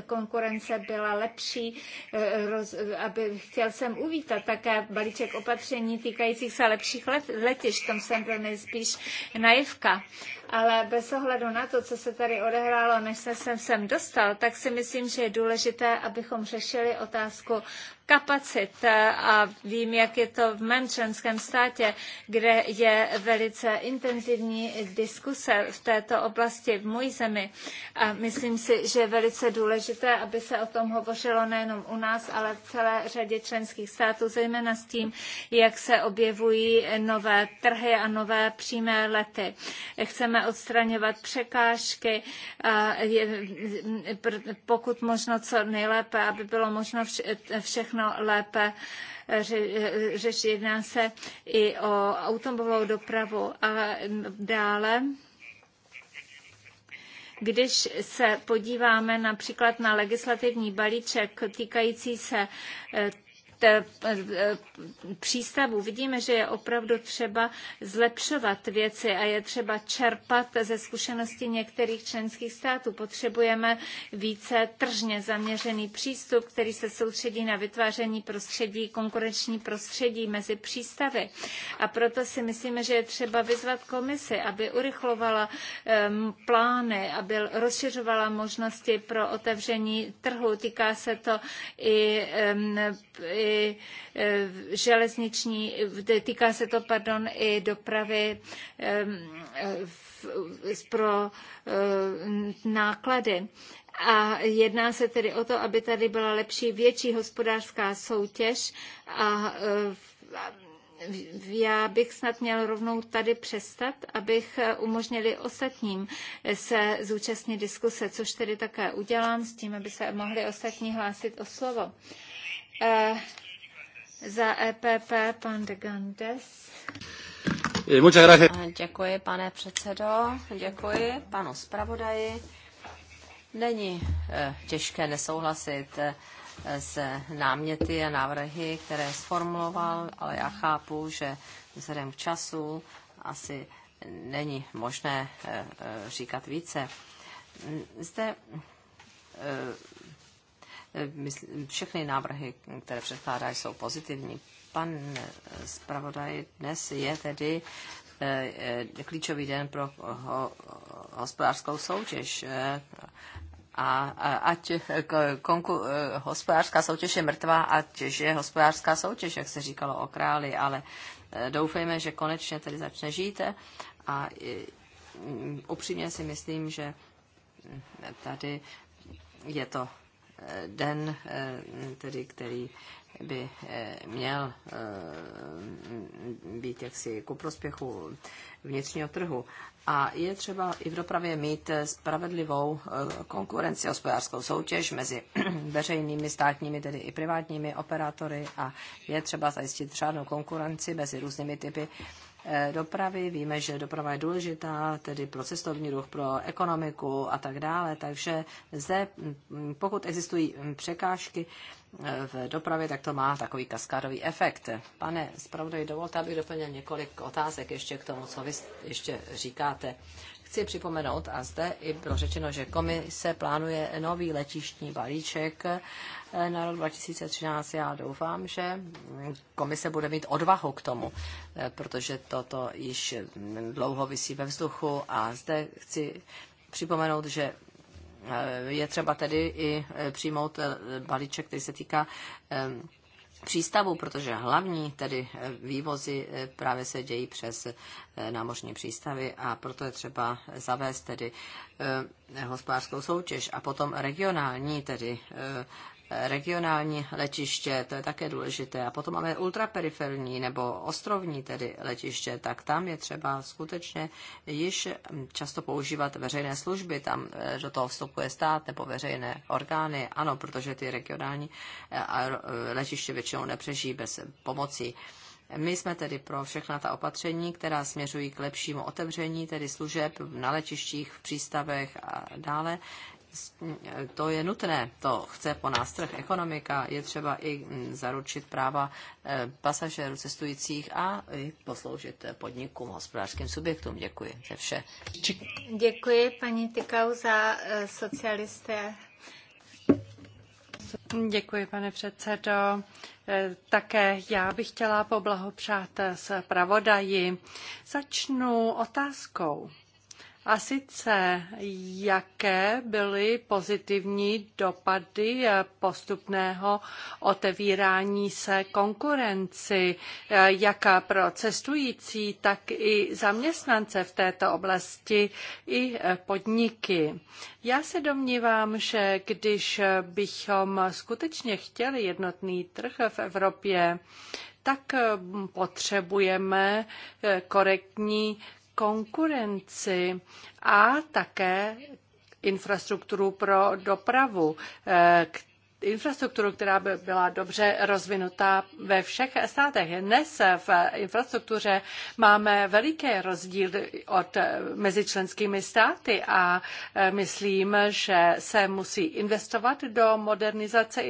konkurence byla lepší, eh, roz, aby chtěl jsem uvítat také balíček opatření týkajících se lepších let, letiš. Tam jsem byl nejspíš naivka ale bez ohledu na to, co se tady odehrálo, než se jsem sem dostal, tak si myslím, že je důležité, abychom řešili otázku kapacit a vím, jak je to v mém členském státě, kde je velice intenzivní diskuse v této oblasti v mojí zemi. A myslím si, že je velice důležité, aby se o tom hovořilo nejenom u nás, ale v celé řadě členských států, zejména s tím, jak se objevují nové trhy a nové přímé lety. Chceme odstraňovat překážky, a je, pokud možno co nejlépe, aby bylo možno vše, všechno lépe řešit. Jedná se i o automobilovou dopravu a dále. Když se podíváme například na legislativní balíček týkající se eh, E, e, přístavu Vidíme, že je opravdu třeba zlepšovat věci a je třeba čerpat ze zkušenosti některých členských států. Potřebujeme více tržně zaměřený přístup, který se soustředí na vytváření prostředí, konkurenční prostředí mezi přístavy. A proto si myslíme, že je třeba vyzvat komisi, aby urychlovala plány, aby rozšiřovala možnosti pro otevření trhu. Týká se to i, i Eh, železniční, týká se to, pardon, i dopravy eh, pro eh, náklady. A jedná se tedy o to, aby tady byla lepší, větší hospodářská soutěž a já bych snad měl rovnou tady přestat, abych umožnili ostatním se zúčastnit diskuse, což tedy také udělám s tím, aby se mohli ostatní hlásit o slovo. Eh, za EPP pan de Gandes. Eh, eh, děkuji, pane předsedo. Děkuji panu zpravodaji. Není těžké nesouhlasit s náměty a návrhy, které sformuloval, ale já chápu, že vzhledem k času asi není možné říkat více. Zde Eh, všechny návrhy, které předkládá, jsou pozitivní. Pan eh, zpravodaj dnes je tedy eh, klíčový den pro hospodářskou soutěž. A ať konku, hospodářská soutěž je mrtvá, ať je hospodářská soutěž, jak se říkalo o králi, ale doufejme, že konečně tedy začne žít. A upřímně si myslím, že hm, tady je to den, eh, tedy který by eh, měl eh, být jaksi ku prospěchu vnitřního trhu. A je třeba i v dopravě mít spravedlivou konkurenci, hospodářskou soutěž mezi veřejnými, státními, tedy i privátními operátory a je třeba zajistit řádnou konkurenci mezi různými typy E, dopravy. Víme, že doprava je důležitá, tedy pro cestovní ruch, pro ekonomiku a tak dále. Takže zde, pokud existují překážky e, v dopravě, tak to má takový kaskádový efekt. Pane zpravodaj, dovolte, abych doplnil několik otázek ještě k tomu, co vy ještě říkáte chci připomenout, a zde i bylo řečeno, že komise plánuje nový letištní balíček eh, na rok 2013. Já doufám, že komise bude mít odvahu k tomu, eh, protože toto již mm, dlouho vysí ve vzduchu a zde chci připomenout, že eh, je třeba tedy i přijmout balíček, který se týká přístavu, protože hlavní tedy eh, vývozy eh, právě se dějí přes eh, námořní přístavy a proto je třeba zavést tedy hospodářskou soutěž a potom regionální tedy regionální letiště, to je také důležité. A potom máme ultraperiferní nebo ostrovní tedy letiště, tak tam je třeba skutečně již často používat veřejné služby, tam eh, do toho vstupuje stát nebo veřejné orgány, ano, protože ty regionální eh, eh, letiště většinou nepřežijí bez pomoci. My jsme tedy pro všechna ta opatření, která směřují k lepšímu otevření, tedy služeb na letištích, v přístavech a dále, to je nutné, to chce po nás trh ekonomika, je třeba i mm, zaručit práva e, pasažérů cestujících a i posloužit podnikům, hospodářským subjektům. Děkuji za vše. Děkuji paní Tykau za e, socialisté. Děkuji, pane předsedo. E, také já bych chtěla poblahopřát pravodaji. Začnu otázkou. A sice, jaké byly pozitivní dopady eh, postupného otevírání se konkurenci, eh, jak pro cestující, tak i zaměstnance v této oblasti, i eh, podniky. Já se domnívám, že když bychom skutečně chtěli jednotný trh v Evropě, tak mm, potřebujeme korektní konkurenci a také infrastrukturu pro dopravu, eh, infrastrukturu, která by byla dobře rozvinutá ve všech státech. Dnes v infrastruktuře máme veliké rozdíl od, eh, mezi členskými státy a eh, myslím, že se musí investovat do modernizace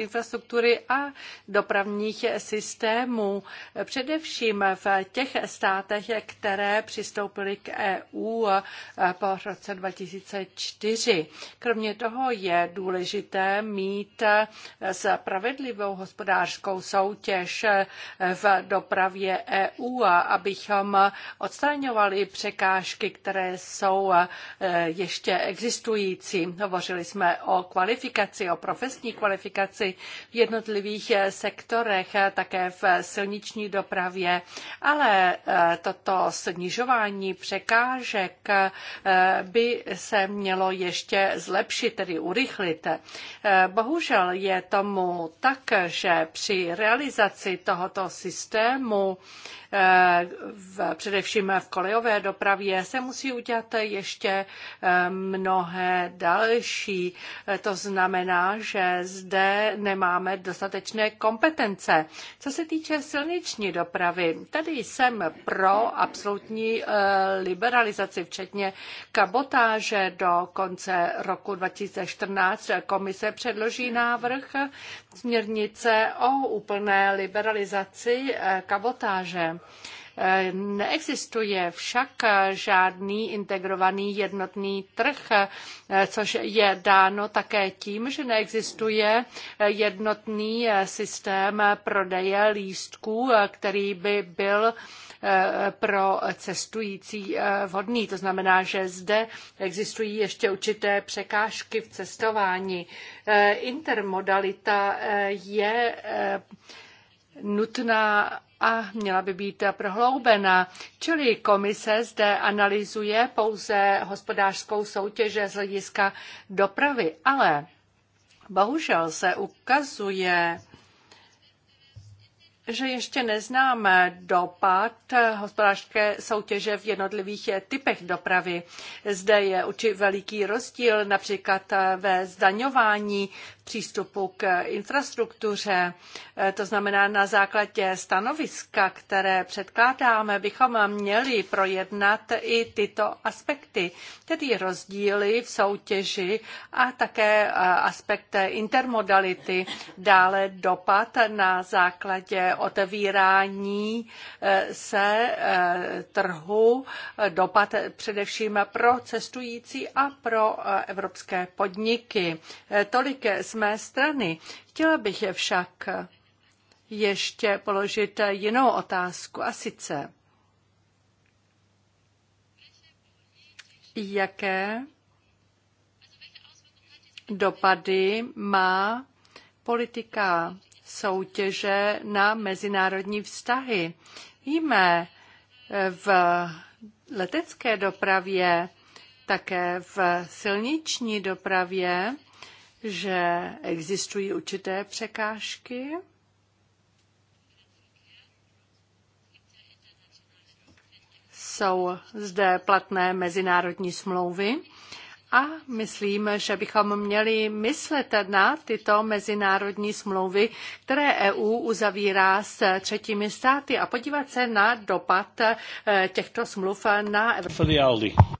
infrastruktury a dopravních systémů, především v těch státech, které přistoupily k EU eh, po roce 2004. Kromě toho je důležité mít eh, spravedlivou hospodářskou soutěž eh, v dopravě EU, abychom odstraňovali překážky, které jsou ještě existující. Hovořili jsme o kvalifikaci, o profesní kvalifikaci v jednotlivých eh, sektorech, eh, také v eh, silniční dopravě, ale toto snižování překážek by se mělo ještě zlepšit, tedy urychlit. Bohužel je tomu tak, že při realizaci tohoto systému v, především v kolejové dopravě se musí udělat ještě mnohé další. To znamená, že zde nemáme dostatečné kompetence. Co se týče silniční dopravy, tady jsem pro absolutní eh, liberalizaci, včetně kabotáže do konce roku 2014. Komise předloží návrh směrnice o úplné liberalizaci eh, kabotáže. Eh, neexistuje však eh, žádný integrovaný jednotný trh, eh, což je dáno také tím, že neexistuje jednotný systém prodeje lístků, který by byl pro cestující vhodný. To znamená, že zde existují ještě určité překážky v cestování. Intermodalita je nutná a měla by být prohloubena. Čili komise zde analyzuje pouze hospodářskou soutěž z hlediska dopravy, ale bohužel se ukazuje, že ještě neznáme dopad hospodářské soutěže v jednotlivých typech dopravy. Zde je určitě veliký rozdíl například ve zdaňování přístupu k infrastruktuře. E, to znamená, na základě stanoviska, které předkládáme, bychom měli projednat i tyto aspekty, tedy rozdíly v soutěži a také e, aspekt intermodality, dále dopad na základě otevírání e, se trhu, dopad především pro cestující a pro evropské podniky. Tolik jsme mé strany. Chtěla bych je však ještě položit jinou otázku a sice, jaké dopady má politika soutěže na mezinárodní vztahy. Víme eh, v letecké dopravě, také v silniční dopravě, že existují určité překážky. Jsou zde platné mezinárodní smlouvy a myslím, že bychom měli myslet na tyto mezinárodní smlouvy, které EU uzavírá s třetími státy a podívat se na dopad eh, těchto smluv na Evropu.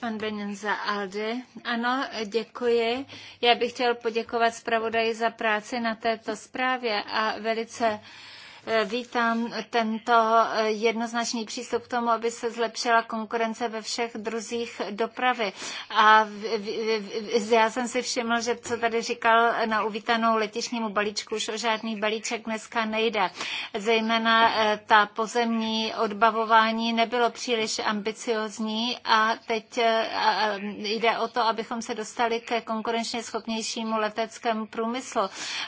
Pan Benin za Aldy. Ano, děkuji. Já bych chtěl poděkovat zpravodaji za práci na této zprávě a velice Vítám tento jednoznačný přístup k tomu, aby se zlepšila konkurence ve všech druzích dopravy. A já jsem si všiml, že co tady říkal na uvítanou letišnímu balíčku, už o žádný balíček dneska nejde. Zejména eh, ta pozemní odbavování nebylo příliš ambiciozní a teď eh, jde o to, abychom se dostali ke konkurenčně schopnějšímu leteckému průmyslu.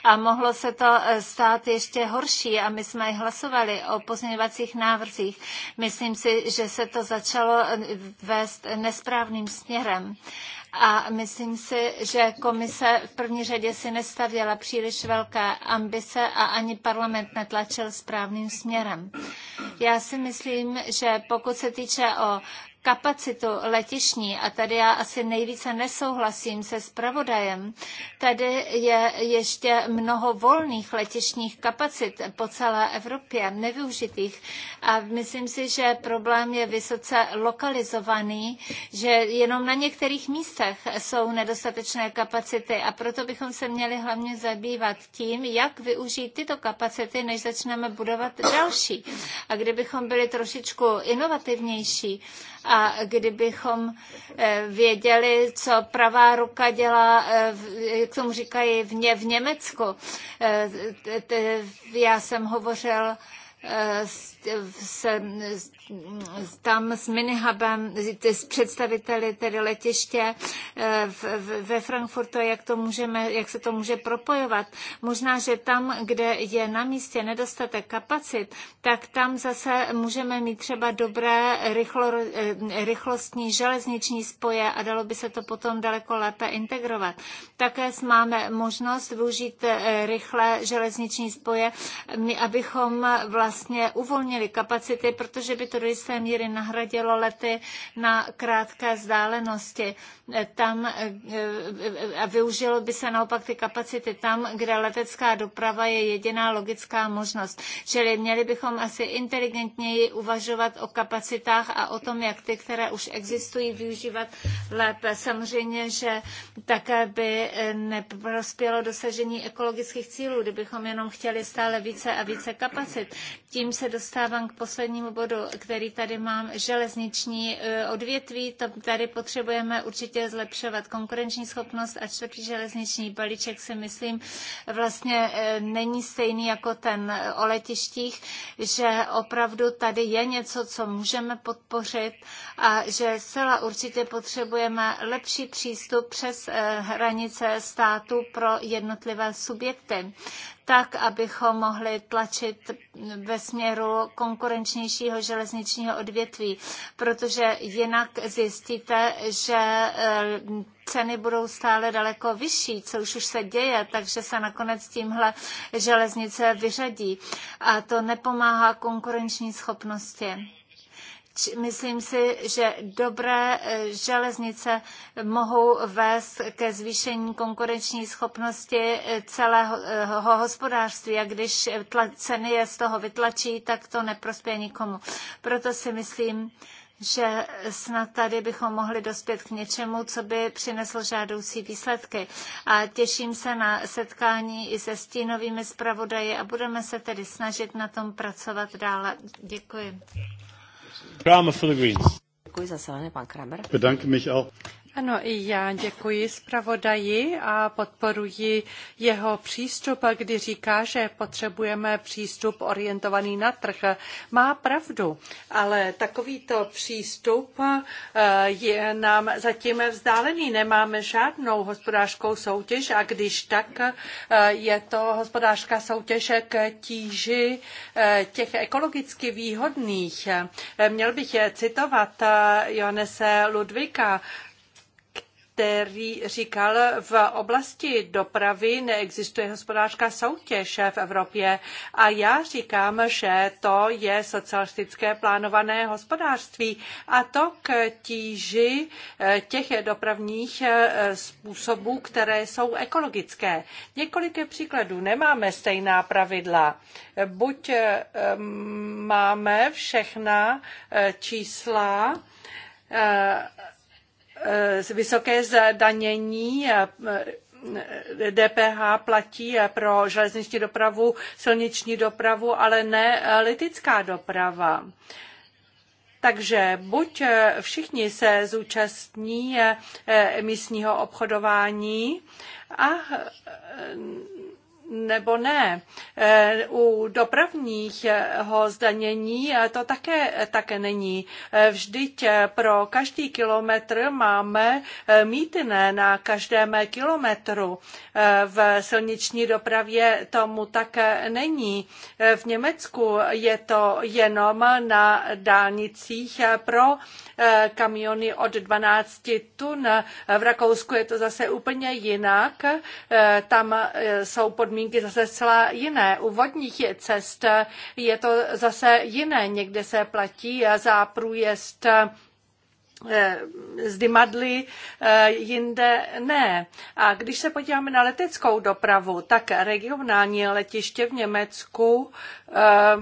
A mohlo se to eh, stát ještě horší a my jsme hlasovali o pozměňovacích návrzích. Myslím si, že se to začalo vést nesprávným směrem a myslím si, že komise v první řadě si nestavěla příliš velké ambice a ani parlament netlačil správným směrem. Já si myslím, že pokud se týče o kapacitu letišní, a tady já asi nejvíce nesouhlasím se spravodajem, tady je ještě mnoho volných letišních kapacit po celé Evropě, nevyužitých. A myslím si, že problém je vysoce lokalizovaný, že jenom na některých místech jsou nedostatečné kapacity a proto bychom se měli hlavně zabývat tím, jak využít tyto kapacity, než začneme budovat další. A kdybychom byli trošičku inovativnější, a kdybychom eh, věděli, co pravá ruka dělá, eh, jak tomu říkají, v, ně, v Německu. Eh, já jsem hovořil s, s, tam s minihubem, s představiteli tedy letiště eh, ve Frankfurtu, jak, to můžeme, jak se to může propojovat. Možná, že tam, kde je na místě nedostatek kapacit, tak tam zase můžeme mít třeba dobré rychlo, eh, rychlostní železniční spoje a dalo by se to potom daleko lépe integrovat. Také máme možnost využít eh, rychlé železniční spoje, abychom vlastně uvolnili kapacity, protože by to to do jisté míry nahradilo lety na krátké vzdálenosti. Tam eh, eh, a využilo by se naopak ty kapacity tam, kde letecká doprava je jediná logická možnost. Čili měli bychom asi inteligentněji uvažovat o kapacitách a o tom, jak ty, které už existují, využívat lépe. Samozřejmě, že také by eh, neprospělo dosažení ekologických cílů, kdybychom jenom chtěli stále více a více kapacit. Tím se dostávám k poslednímu bodu, který tady mám, železniční e, odvětví, to tady potřebujeme určitě zlepšovat konkurenční schopnost a čtvrtý železniční balíček si myslím vlastně e, není stejný jako ten e, o letištích, že opravdu tady je něco, co můžeme podpořit a že zcela určitě potřebujeme lepší přístup přes hranice státu pro jednotlivé subjekty tak, abychom mohli tlačit ve směru konkurenčnějšího železničního odvětví, protože jinak zjistíte, že eh, ceny budou stále daleko vyšší, co už, už se děje, takže se nakonec tímhle železnice vyřadí. A to nepomáhá konkurenční schopnosti myslím si, že dobré eh, železnice mohou vést ke zvýšení konkurenční schopnosti eh, celého hospodářství a když eh, ceny je z toho vytlačí, tak to neprospěje nikomu. Proto si myslím, že snad tady bychom mohli dospět k něčemu, co by přineslo žádoucí výsledky. A těším se na setkání i se stínovými zpravodaji a budeme se tedy snažit na tom pracovat dále. Děkuji. Kramer for the Greens. Děkuji za zelené, pan Bedanke mich auch. Ano, i já děkuji zpravodaji a podporuji jeho přístup, kdy říká, že potřebujeme přístup orientovaný na trh. Má pravdu, ale takovýto přístup eh, je nám zatím vzdálený. Nemáme žádnou hospodářskou soutěž a když tak eh, je to hospodářská soutěž k tíži eh, těch ekologicky výhodných. Měl bych citovat Johannese Ludvika, který říkal, v oblasti dopravy neexistuje hospodářská soutěž v Evropě. A já říkám, že to je socialistické plánované hospodářství a to k tíži eh, těch dopravních eh, způsobů, které jsou ekologické. Několik příkladů. Nemáme stejná pravidla. Buď eh, máme všechna čísla, Eh, vysoké zdanění DPH eh, eh, platí pro železniční dopravu, silniční dopravu, ale ne litická doprava. Takže buď všichni se zúčastní emisního obchodování a nebo ne. Eh, u eh, ho zdanění eh, to také, také není. Vždyť pro každý kilometr máme mítné na každém kilometru. V silniční dopravě tomu tak není. V Německu je to jenom na dálnicích pro kamiony od 12 tun. V Rakousku je to zase úplně jinak. Tam jsou podmínky podmínky zase zcela jiné. U vodních cest je to zase jiné. Někde se platí za průjezd Eh, madly, eh, jinde ne. A když se podíváme na leteckou dopravu, tak regionální letiště v Německu eh,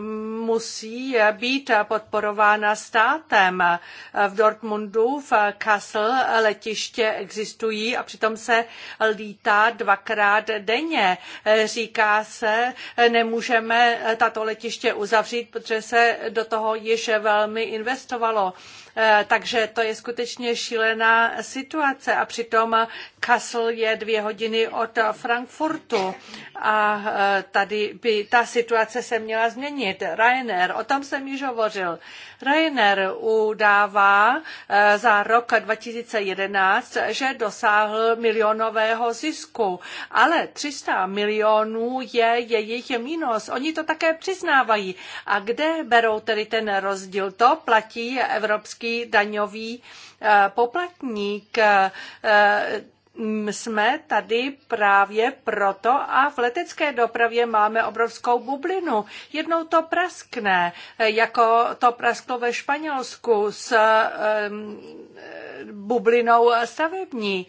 musí být podporována státem. V Dortmundu, v Kassel letiště existují a přitom se lítá dvakrát denně. Říká se, nemůžeme tato letiště uzavřít, protože se do toho již velmi investovalo. Eh, takže to je skutečně šílená situace a přitom Kassel je dvě hodiny od Frankfurtu a eh, tady by ta situace se měla změnit. Ryanair, o tom jsem již hovořil. Ryanair udává eh, za rok 2011, že dosáhl milionového zisku, ale 300 milionů je jejich mínus. Oni to také přiznávají. A kde berou tedy ten rozdíl? To platí Evropský český daňový eh, poplatník eh, jsme tady právě proto a v letecké dopravě máme obrovskou bublinu. Jednou to praskne, e, jako to prasklo ve Španělsku s e, e, bublinou stavební.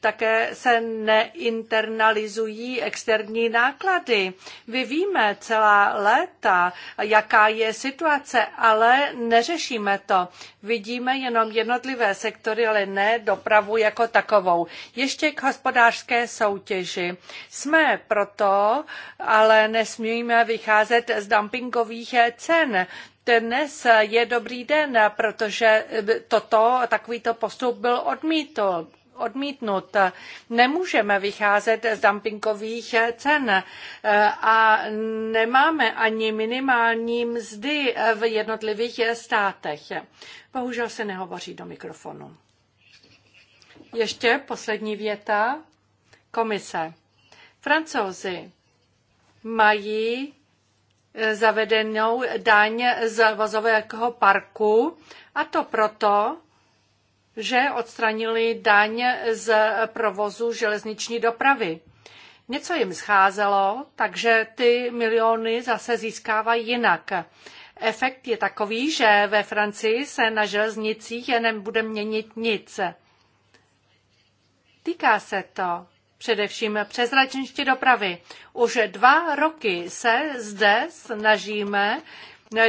Také se neinternalizují externí náklady. Vyvíme celá léta, jaká je situace, ale neřešíme to. Vidíme jenom jednotlivé sektory, ale ne dopravu jako takovou takovou. Ještě k hospodářské soutěži. Jsme proto, ale nesmíme vycházet z dumpingových cen. Dnes je dobrý den, protože toto, takovýto postup byl odmítl odmítnut. Nemůžeme vycházet z dumpingových cen eh, a nemáme ani minimální mzdy v jednotlivých státech. Bohužel se nehovoří do mikrofonu. Ještě poslední věta. Komise. Francouzi mají eh, zavedenou daň z vozového parku a to proto, že odstranili daň z provozu železniční dopravy. Něco jim scházelo, takže ty miliony zase získávají jinak. Efekt je takový, že ve Francii se na železnicích bude měnit nic. Týká se to především přezračenště dopravy. Už dva roky se zde snažíme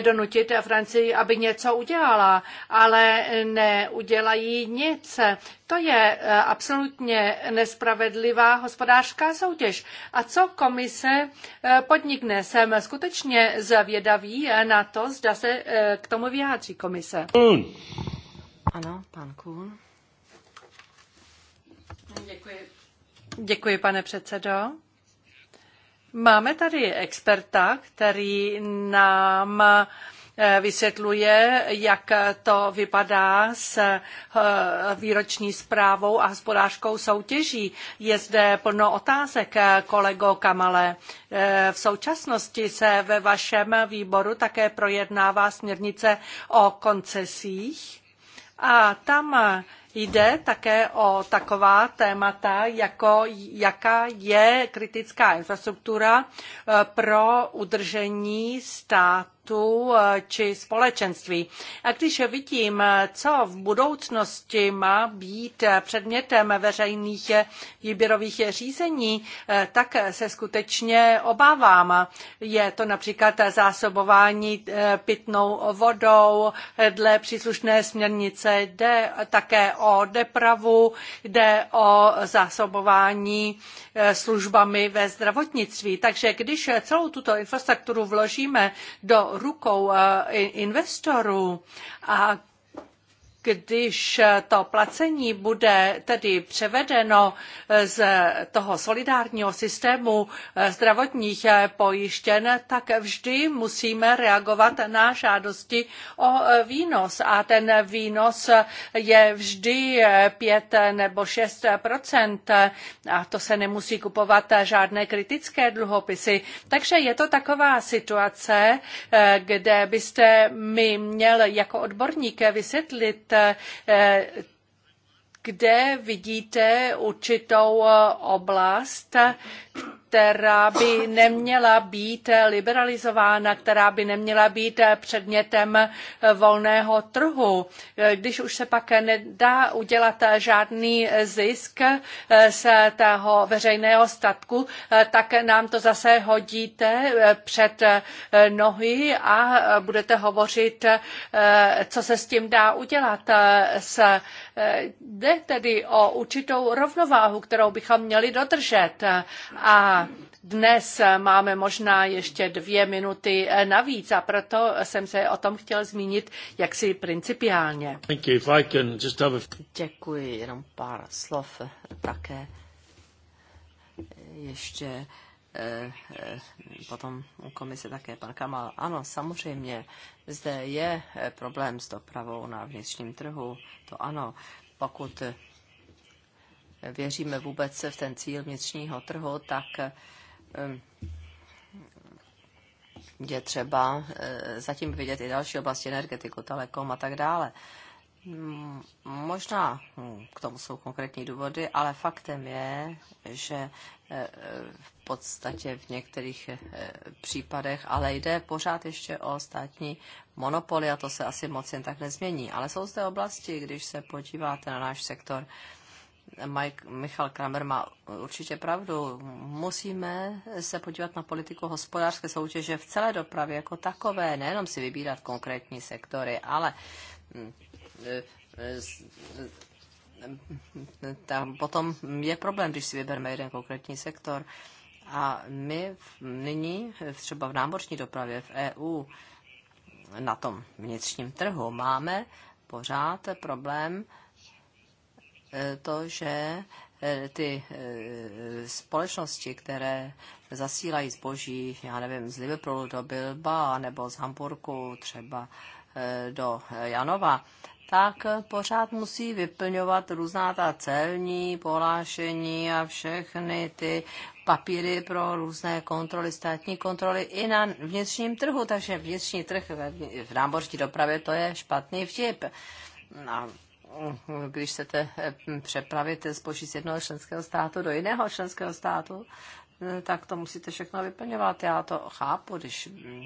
donutit Francii, aby něco udělala, ale neudělají nic. To je eh, absolutně nespravedlivá hospodářská soutěž. A co komise eh, podnikne? Jsem skutečně zvědavý eh, na to, zda se k tomu vyjádří komise. Ano, pan Kuhn. Děkuji. Děkuji, pane předsedo. Máme tady experta, který nám eh, vysvětluje, jak to vypadá s eh, výroční zprávou a hospodářskou soutěží. Je zde plno otázek, eh, kolego Kamale. V současnosti se ve vašem výboru také projednává směrnice o koncesích a tam Jde také o taková témata, jako jaká je kritická infrastruktura eh, pro udržení státu eh, či společenství. A když vidím, eh, co v budoucnosti má být předmětem veřejných výběrových řízení, tak se skutečně obávám. Je to například zásobování pitnou vodou dle příslušné směrnice, jde také o depravu, jde o zásobování eh, službami ve zdravotnictví. Takže když celou tuto infrastrukturu vložíme do rukou eh, investorů a když to placení bude tedy převedeno z toho solidárního systému zdravotních pojištěn, tak vždy musíme reagovat na žádosti o výnos. A ten výnos je vždy 5 nebo 6 a to se nemusí kupovat žádné kritické dluhopisy. Takže je to taková situace, kde byste mi měl jako odborník vysvětlit, Eh, kde vidíte určitou eh, oblast, která by neměla být liberalizována, která by neměla být předmětem volného trhu. Když už se pak nedá udělat žádný zisk z toho veřejného statku, tak nám to zase hodíte před nohy a budete hovořit, co se s tím dá udělat. jde tedy o určitou rovnováhu, kterou bychom měli dodržet. A dnes eh, máme možná ještě dvě minuty eh, navíc a proto jsem se o tom chtěl zmínit jaksi principiálně. Děkuji, jenom pár slov také ještě eh, potom u komise také pan Kamal. Ano, samozřejmě, zde je problém s dopravou na vnitřním trhu, to ano, pokud věříme vůbec v ten cíl vnitřního trhu, tak je třeba eh, zatím vidět i další oblasti energetiku, telekom a tak dále. Možná hm, k tomu jsou konkrétní důvody, ale faktem je, že eh, v podstatě v některých eh, případech, ale jde pořád ještě o státní monopoly a to se asi moc jen tak nezmění. Ale jsou zde oblasti, když se podíváte na náš sektor, Mike, Michal Kramer má určitě pravdu. Musíme se podívat na politiku hospodářské soutěže v celé dopravě jako takové, nejenom si vybírat konkrétní sektory, ale mm, e, e, e, tam potom je problém, když si vybereme jeden konkrétní sektor. A my nyní, třeba v námořní dopravě v EU, na tom vnitřním trhu máme pořád problém, to, že eh, ty eh, společnosti, které zasílají zboží, já nevím, z Liverpoolu do Bilba nebo z Hamburgu třeba eh, do Janova, tak pořád musí vyplňovat různá ta celní polášení a všechny ty papíry pro různé kontroly, státní kontroly i na vnitřním trhu, takže vnitřní trh v námořní dopravě to je špatný vtip. A když chcete eh, přepravit zboží z jednoho členského státu do jiného členského státu, eh, tak to musíte všechno vyplňovat. Já to chápu, když mm,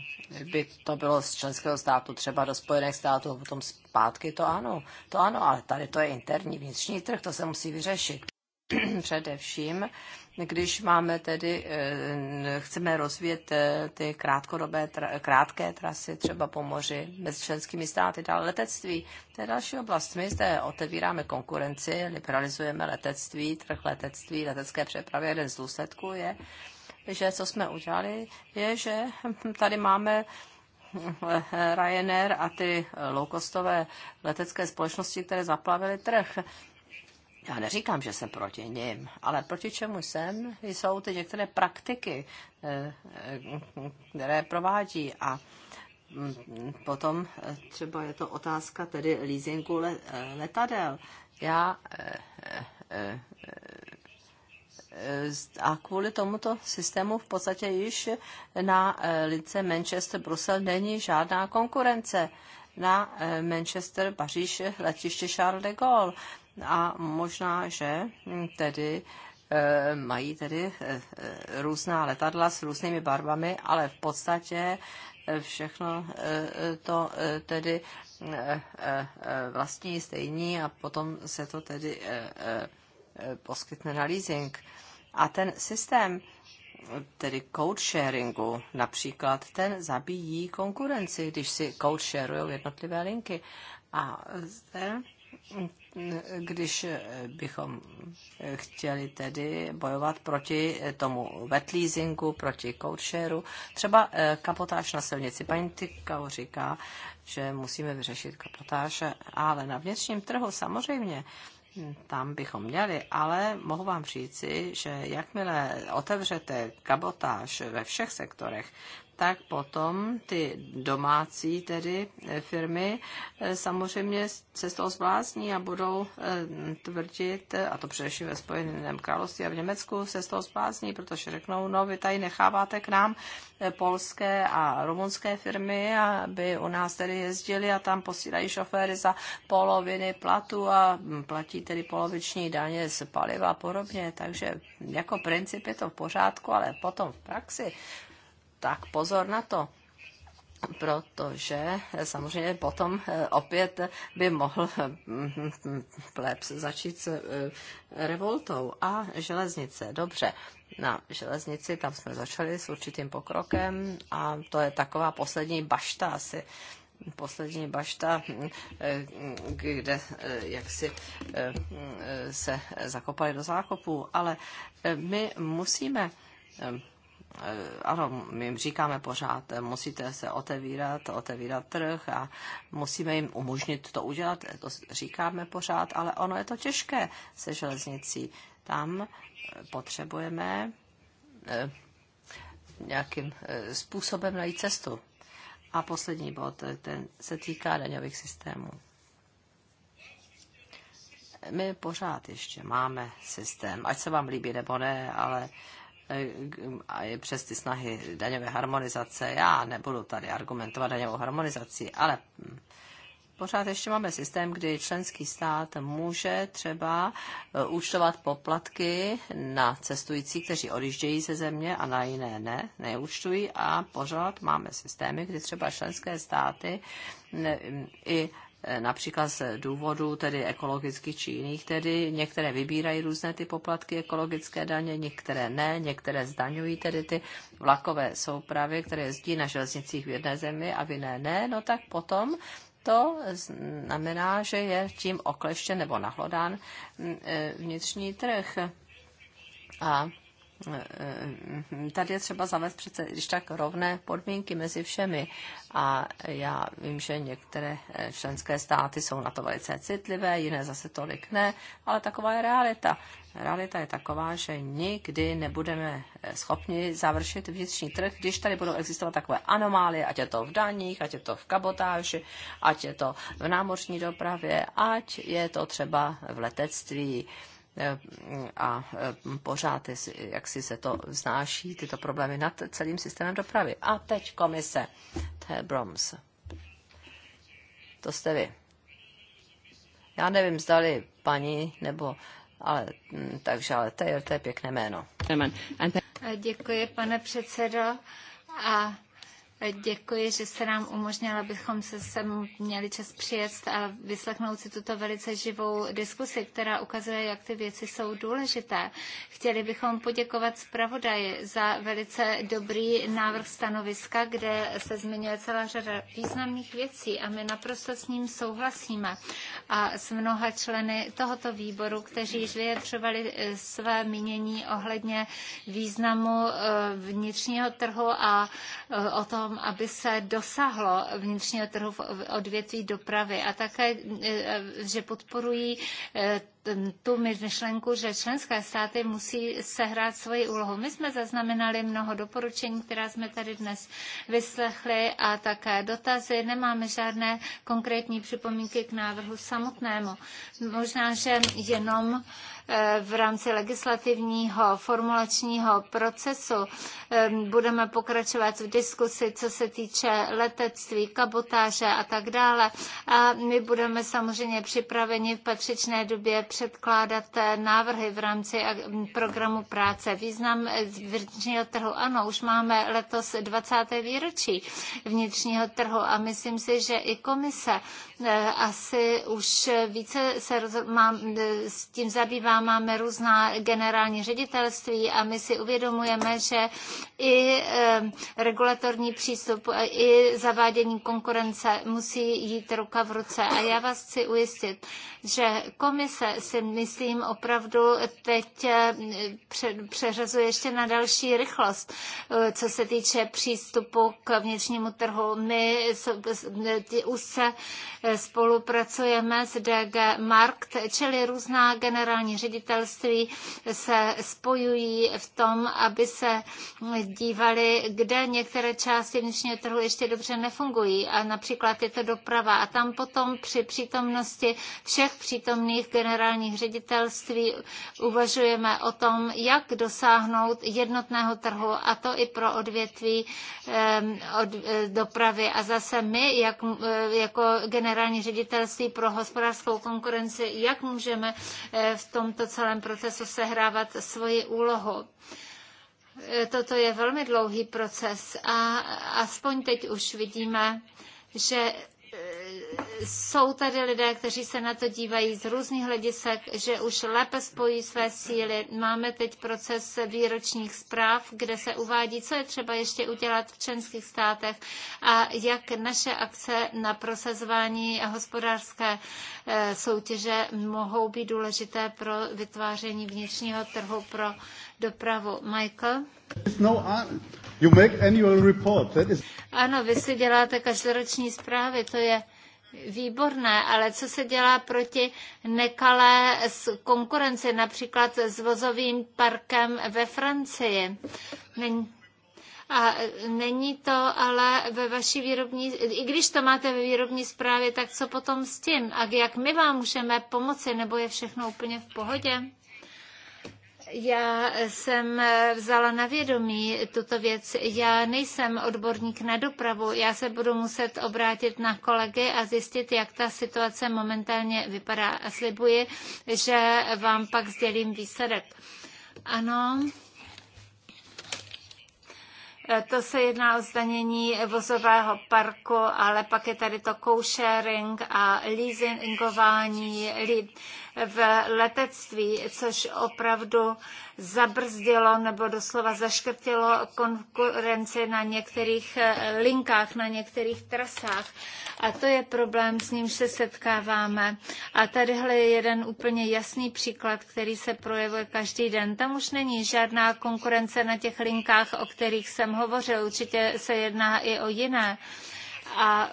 by to bylo z členského státu třeba do Spojených států a potom zpátky, to ano, to ano, ale tady to je interní vnitřní trh, to se musí vyřešit. především, když máme tedy, eh, chceme rozvíjet eh, ty krátkodobé, krátké trasy třeba po moři mezi členskými státy, dále letectví. To je další oblast. My zde otevíráme konkurenci, liberalizujeme letectví, trh letectví, letecké přepravy. Jeden z důsledků je, že co jsme udělali, je, že tady máme eh, Ryanair a ty loukostové letecké společnosti, které zaplavily trh já neříkám, že jsem proti nim, ale proti čemu jsem, jsou ty některé praktiky, eh, které provádí a mm, potom eh, třeba je to otázka tedy leasingu eh, letadel. Já a kvůli tomuto systému v podstatě již na lince Manchester-Brusel není žádná konkurence. Na Manchester-Paříž letiště Charles de Gaulle a možná, že tedy eh, mají tedy eh, eh, různá letadla s různými barvami, ale v podstatě všechno to tedy vlastní stejní a potom se to tedy poskytne na leasing. A ten systém, tedy code sharingu například, ten zabíjí konkurenci, když si code sharují jednotlivé linky. A ten, když bychom chtěli tedy bojovat proti tomu wet leasingu, proti coachéru, třeba eh, kapotáž na silnici. Paní Tykau říká, že musíme vyřešit kapotáž, ale na vnitřním trhu samozřejmě hm, tam bychom měli, ale mohu vám říci, že jakmile otevřete kabotáž ve všech sektorech, tak potom ty domácí tedy eh, firmy eh, samozřejmě se z toho zblázní a budou eh, tvrdit, a to především ve Spojeném království a v Německu se z toho zblázní, protože řeknou, no vy tady necháváte k nám polské a rumunské firmy, aby u nás tedy jezdili a tam posílají šoféry za poloviny platu a hm, platí tedy poloviční daně z paliva a podobně. Takže jako princip je to v pořádku, ale potom v praxi tak pozor na to, protože samozřejmě potom eh, opět by mohl mm, plebs začít s eh, revoltou a železnice. Dobře, na železnici tam jsme začali s určitým pokrokem a to je taková poslední bašta asi poslední bašta, mm, eh, kde jaksi mm, se zakopali do zákopů, ale my musíme Eh, ano, my jim říkáme pořád, eh, musíte se otevírat, otevírat trh a musíme jim umožnit to udělat, eh, to říkáme pořád, ale ono je to těžké se železnicí. Tam potřebujeme nějakým způsobem najít cestu. A poslední bod, ten se týká daňových systémů. My pořád ještě máme systém, ať se vám líbí nebo ne, ale a je přes ty snahy daňové harmonizace. Já nebudu tady argumentovat daňovou harmonizací, ale pořád ještě máme systém, kdy členský stát může třeba eh, účtovat poplatky na cestující, kteří odjíždějí ze země a na jiné ne, neúčtují a pořád máme systémy, kdy třeba členské státy i Eh, například z důvodů tedy ekologických či jiných, tedy některé vybírají různé ty poplatky ekologické daně, některé ne, některé zdaňují tedy ty vlakové soupravy, které jezdí na železnicích v jedné zemi a v jiné ne, no tak potom to znamená, že je tím okleštěn nebo nahlodán mm, eh, vnitřní trh. A tady je třeba zavést přece, když tak rovné podmínky mezi všemi. A já vím, že některé eh, členské státy jsou na to velice citlivé, jiné zase tolik ne, ale taková je realita. Realita je taková, že nikdy nebudeme eh, schopni završit vnitřní trh, když tady budou existovat takové anomálie, ať je to v daních, ať je to v kabotáži, ať je to v námořní dopravě, ať je to třeba v letectví. Eh, a eh, pořád jak si se to znáší, tyto problémy nad celým systémem dopravy. A teď komise. To je Broms. To jste vy. Já nevím, zdali paní nebo ale, hm, takže ale to je, to je pěkné jméno. Děkuji, pane předsedo. A Děkuji, že se nám umožnila, abychom se sem měli čas přijet a vyslechnout si tuto velice živou diskusi, která ukazuje, jak ty věci jsou důležité. Chtěli bychom poděkovat zpravodaji za velice dobrý návrh stanoviska, kde se zmiňuje celá řada významných věcí a my naprosto s ním souhlasíme a s mnoha členy tohoto výboru, kteří již vyjadřovali eh, své mínění ohledně významu eh, vnitřního trhu a eh, o toho, tom, aby se dosáhlo vnitřního trhu v odvětví dopravy a také, eh, že podporují eh, tu myšlenku, že členské státy musí sehrát svoji úlohu. My jsme zaznamenali mnoho doporučení, která jsme tady dnes vyslechli a také dotazy. Nemáme žádné konkrétní připomínky k návrhu samotnému. Možná, že jenom uh, v rámci legislativního formulačního procesu. Budeme pokračovat v diskusi, co se týče letectví, kabotáže a tak dále. A my budeme samozřejmě připraveni v patřičné době předkládat návrhy v rámci programu práce. Význam e, vnitřního trhu. Ano, už máme letos 20. výročí vnitřního trhu a myslím si, že i komise e, asi už e, více se rozho- s tím zabývá máme různá generální ředitelství a my si uvědomujeme, že i regulatorní přístup, i zavádění konkurence musí jít ruka v ruce. A já vás chci ujistit, že komise si myslím opravdu teď přeřazuje ještě na další rychlost, eh, co se týče přístupu k vnitřnímu trhu. My už se eh, spolupracujeme s DG Markt, čili různá generální ředitelství ředitelství se spojují v tom, aby se dívali, kde některé části vnitřního trhu ještě dobře nefungují. A například je to doprava. A tam potom při přítomnosti všech přítomných generálních ředitelství uvažujeme o tom, jak dosáhnout jednotného trhu, a to i pro odvětví od, e, dopravy. A zase my, jak, e, jako generální ředitelství pro hospodářskou konkurenci, jak můžeme e, v tom tomto celém procesu sehrávat svoji úlohu e, toto je velmi dlouhý proces a aspoň teď už vidíme, že jsou tady lidé, kteří se na to dívají z různých hledisek, že už lépe spojí své síly. Máme teď proces výročních zpráv, kde se uvádí, co je třeba ještě udělat v členských státech a jak naše akce na prosazování hospodářské eh, soutěže mohou být důležité pro vytváření vnitřního trhu pro dopravu. Michael? No, you make annual report. That is... Ano, vy si děláte každoroční zprávy, to je Výborné, ale co se dělá proti nekalé konkurenci, například s vozovým parkem ve Francii? Není, a není to ale ve vaší výrobní, i když to máte ve výrobní zprávě, tak co potom s tím? A jak my vám můžeme pomoci, nebo je všechno úplně v pohodě? Já jsem vzala na vědomí tuto věc. Já nejsem odborník na dopravu. Já se budu muset obrátit na kolegy a zjistit, jak ta situace momentálně vypadá. A slibuji, že vám pak sdělím výsledek. Ano. To se jedná o zdanění vozového parku, ale pak je tady to co-sharing a leasingování, v letectví, což opravdu zabrzdilo nebo doslova zaškrtilo konkurenci na některých eh, linkách, na některých trasách. A to je problém, s nímž se setkáváme. A tadyhle je jeden úplně jasný příklad, který se projevuje každý den. Tam už není žádná konkurence na těch linkách, o kterých jsem hovořil. Určitě se jedná i o jiné. A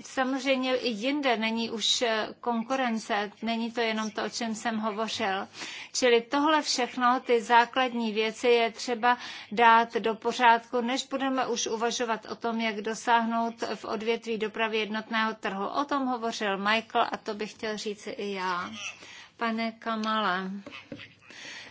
samozřejmě i jinde není už eh, konkurence, není to jenom to, o čem jsem hovořil. Čili tohle všechno, ty základní věci je třeba dát do pořádku, než budeme už uvažovat o tom, jak dosáhnout v odvětví dopravy jednotného trhu. O tom hovořil Michael a to bych chtěl říct i já. Pane Kamala.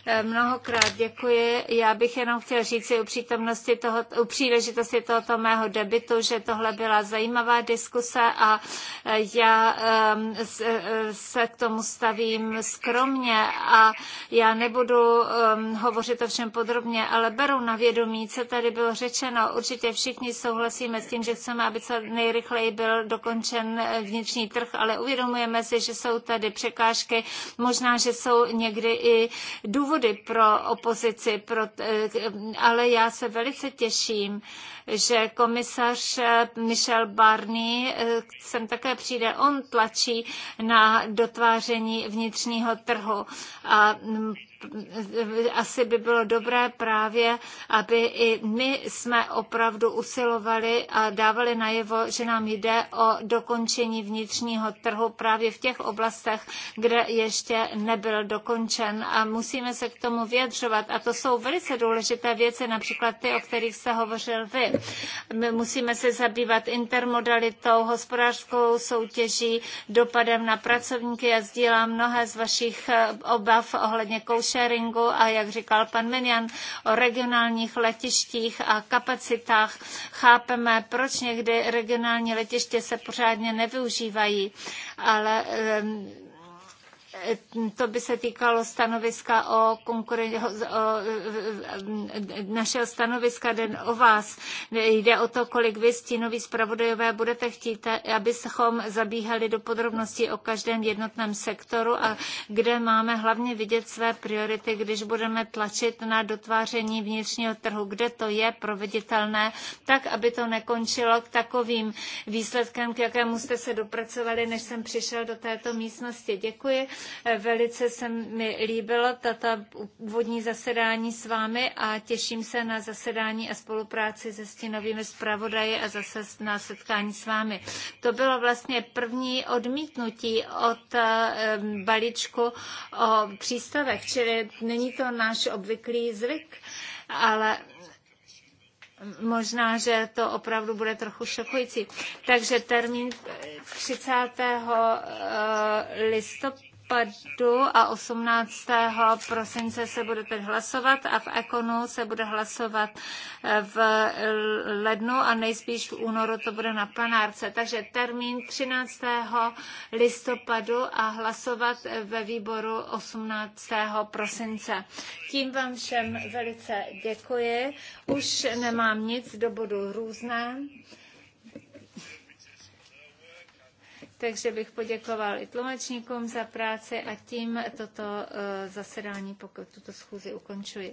Eh, mnohokrát děkuji. Já bych jenom chtěla říct si u, přítomnosti toho, u příležitosti tohoto mého debitu, že tohle byla zajímavá diskuse a eh, já ehm, eh, se k tomu stavím skromně a já nebudu ehm, hovořit o všem podrobně, ale beru na vědomí, co tady bylo řečeno. Určitě všichni souhlasíme s tím, že chceme, aby co nejrychleji byl dokončen vnitřní trh, ale uvědomujeme si, že jsou tady překážky, možná, že jsou někdy i důvody, důvody pro opozici, pro, eh, ale já se velice těším, že komisař eh, Michel Barney eh, sem také přijde, on tlačí na dotváření vnitřního trhu a mm, asi by bylo dobré právě, aby i my jsme opravdu usilovali a dávali najevo, že nám jde o dokončení vnitřního trhu právě v těch oblastech, kde ještě nebyl dokončen a musíme se k tomu vyjadřovat. A to jsou velice důležité věci, například ty, o kterých jste hovořil vy. My musíme se zabývat intermodalitou, hospodářskou soutěží, dopadem na pracovníky. Já sdílám mnohé z vašich eh, obav ohledně koušení sharingu a jak říkal pan Minian o regionálních letištích a kapacitách. Chápeme, proč někdy regionální letiště se pořádně nevyužívají, ale um, to by se týkalo stanoviska o, konkuren- o našeho stanoviska den o vás. Jde o to, kolik vy stínoví zpravodajové budete chtít, abychom zabíhali do podrobností o každém jednotném sektoru a kde máme hlavně vidět své priority, když budeme tlačit na dotváření vnitřního trhu, kde to je proveditelné, tak, aby to nekončilo k takovým výsledkem, k jakému jste se dopracovali, než jsem přišel do této místnosti. Děkuji. Velice se mi líbilo tato úvodní zasedání s vámi a těším se na zasedání a spolupráci se stínovými zpravodaji a zase na setkání s vámi. To bylo vlastně první odmítnutí od eh, balíčku o přístavech, čili není to náš obvyklý zvyk, ale možná, že to opravdu bude trochu šokující. Takže termín 30. Eh, listopadu listopadu a 18. prosince se bude teď hlasovat a v Ekonu se bude hlasovat eh, v lednu a nejspíš v únoru to bude na plenárce. Takže termín 13. listopadu a hlasovat eh, ve výboru 18. prosince. Tím vám všem velice děkuji. Už nemám nic do bodu různé. Takže bych poděkoval i tlumočníkům za práci a tím toto eh, zasedání, pokud tuto schůzi ukončuji.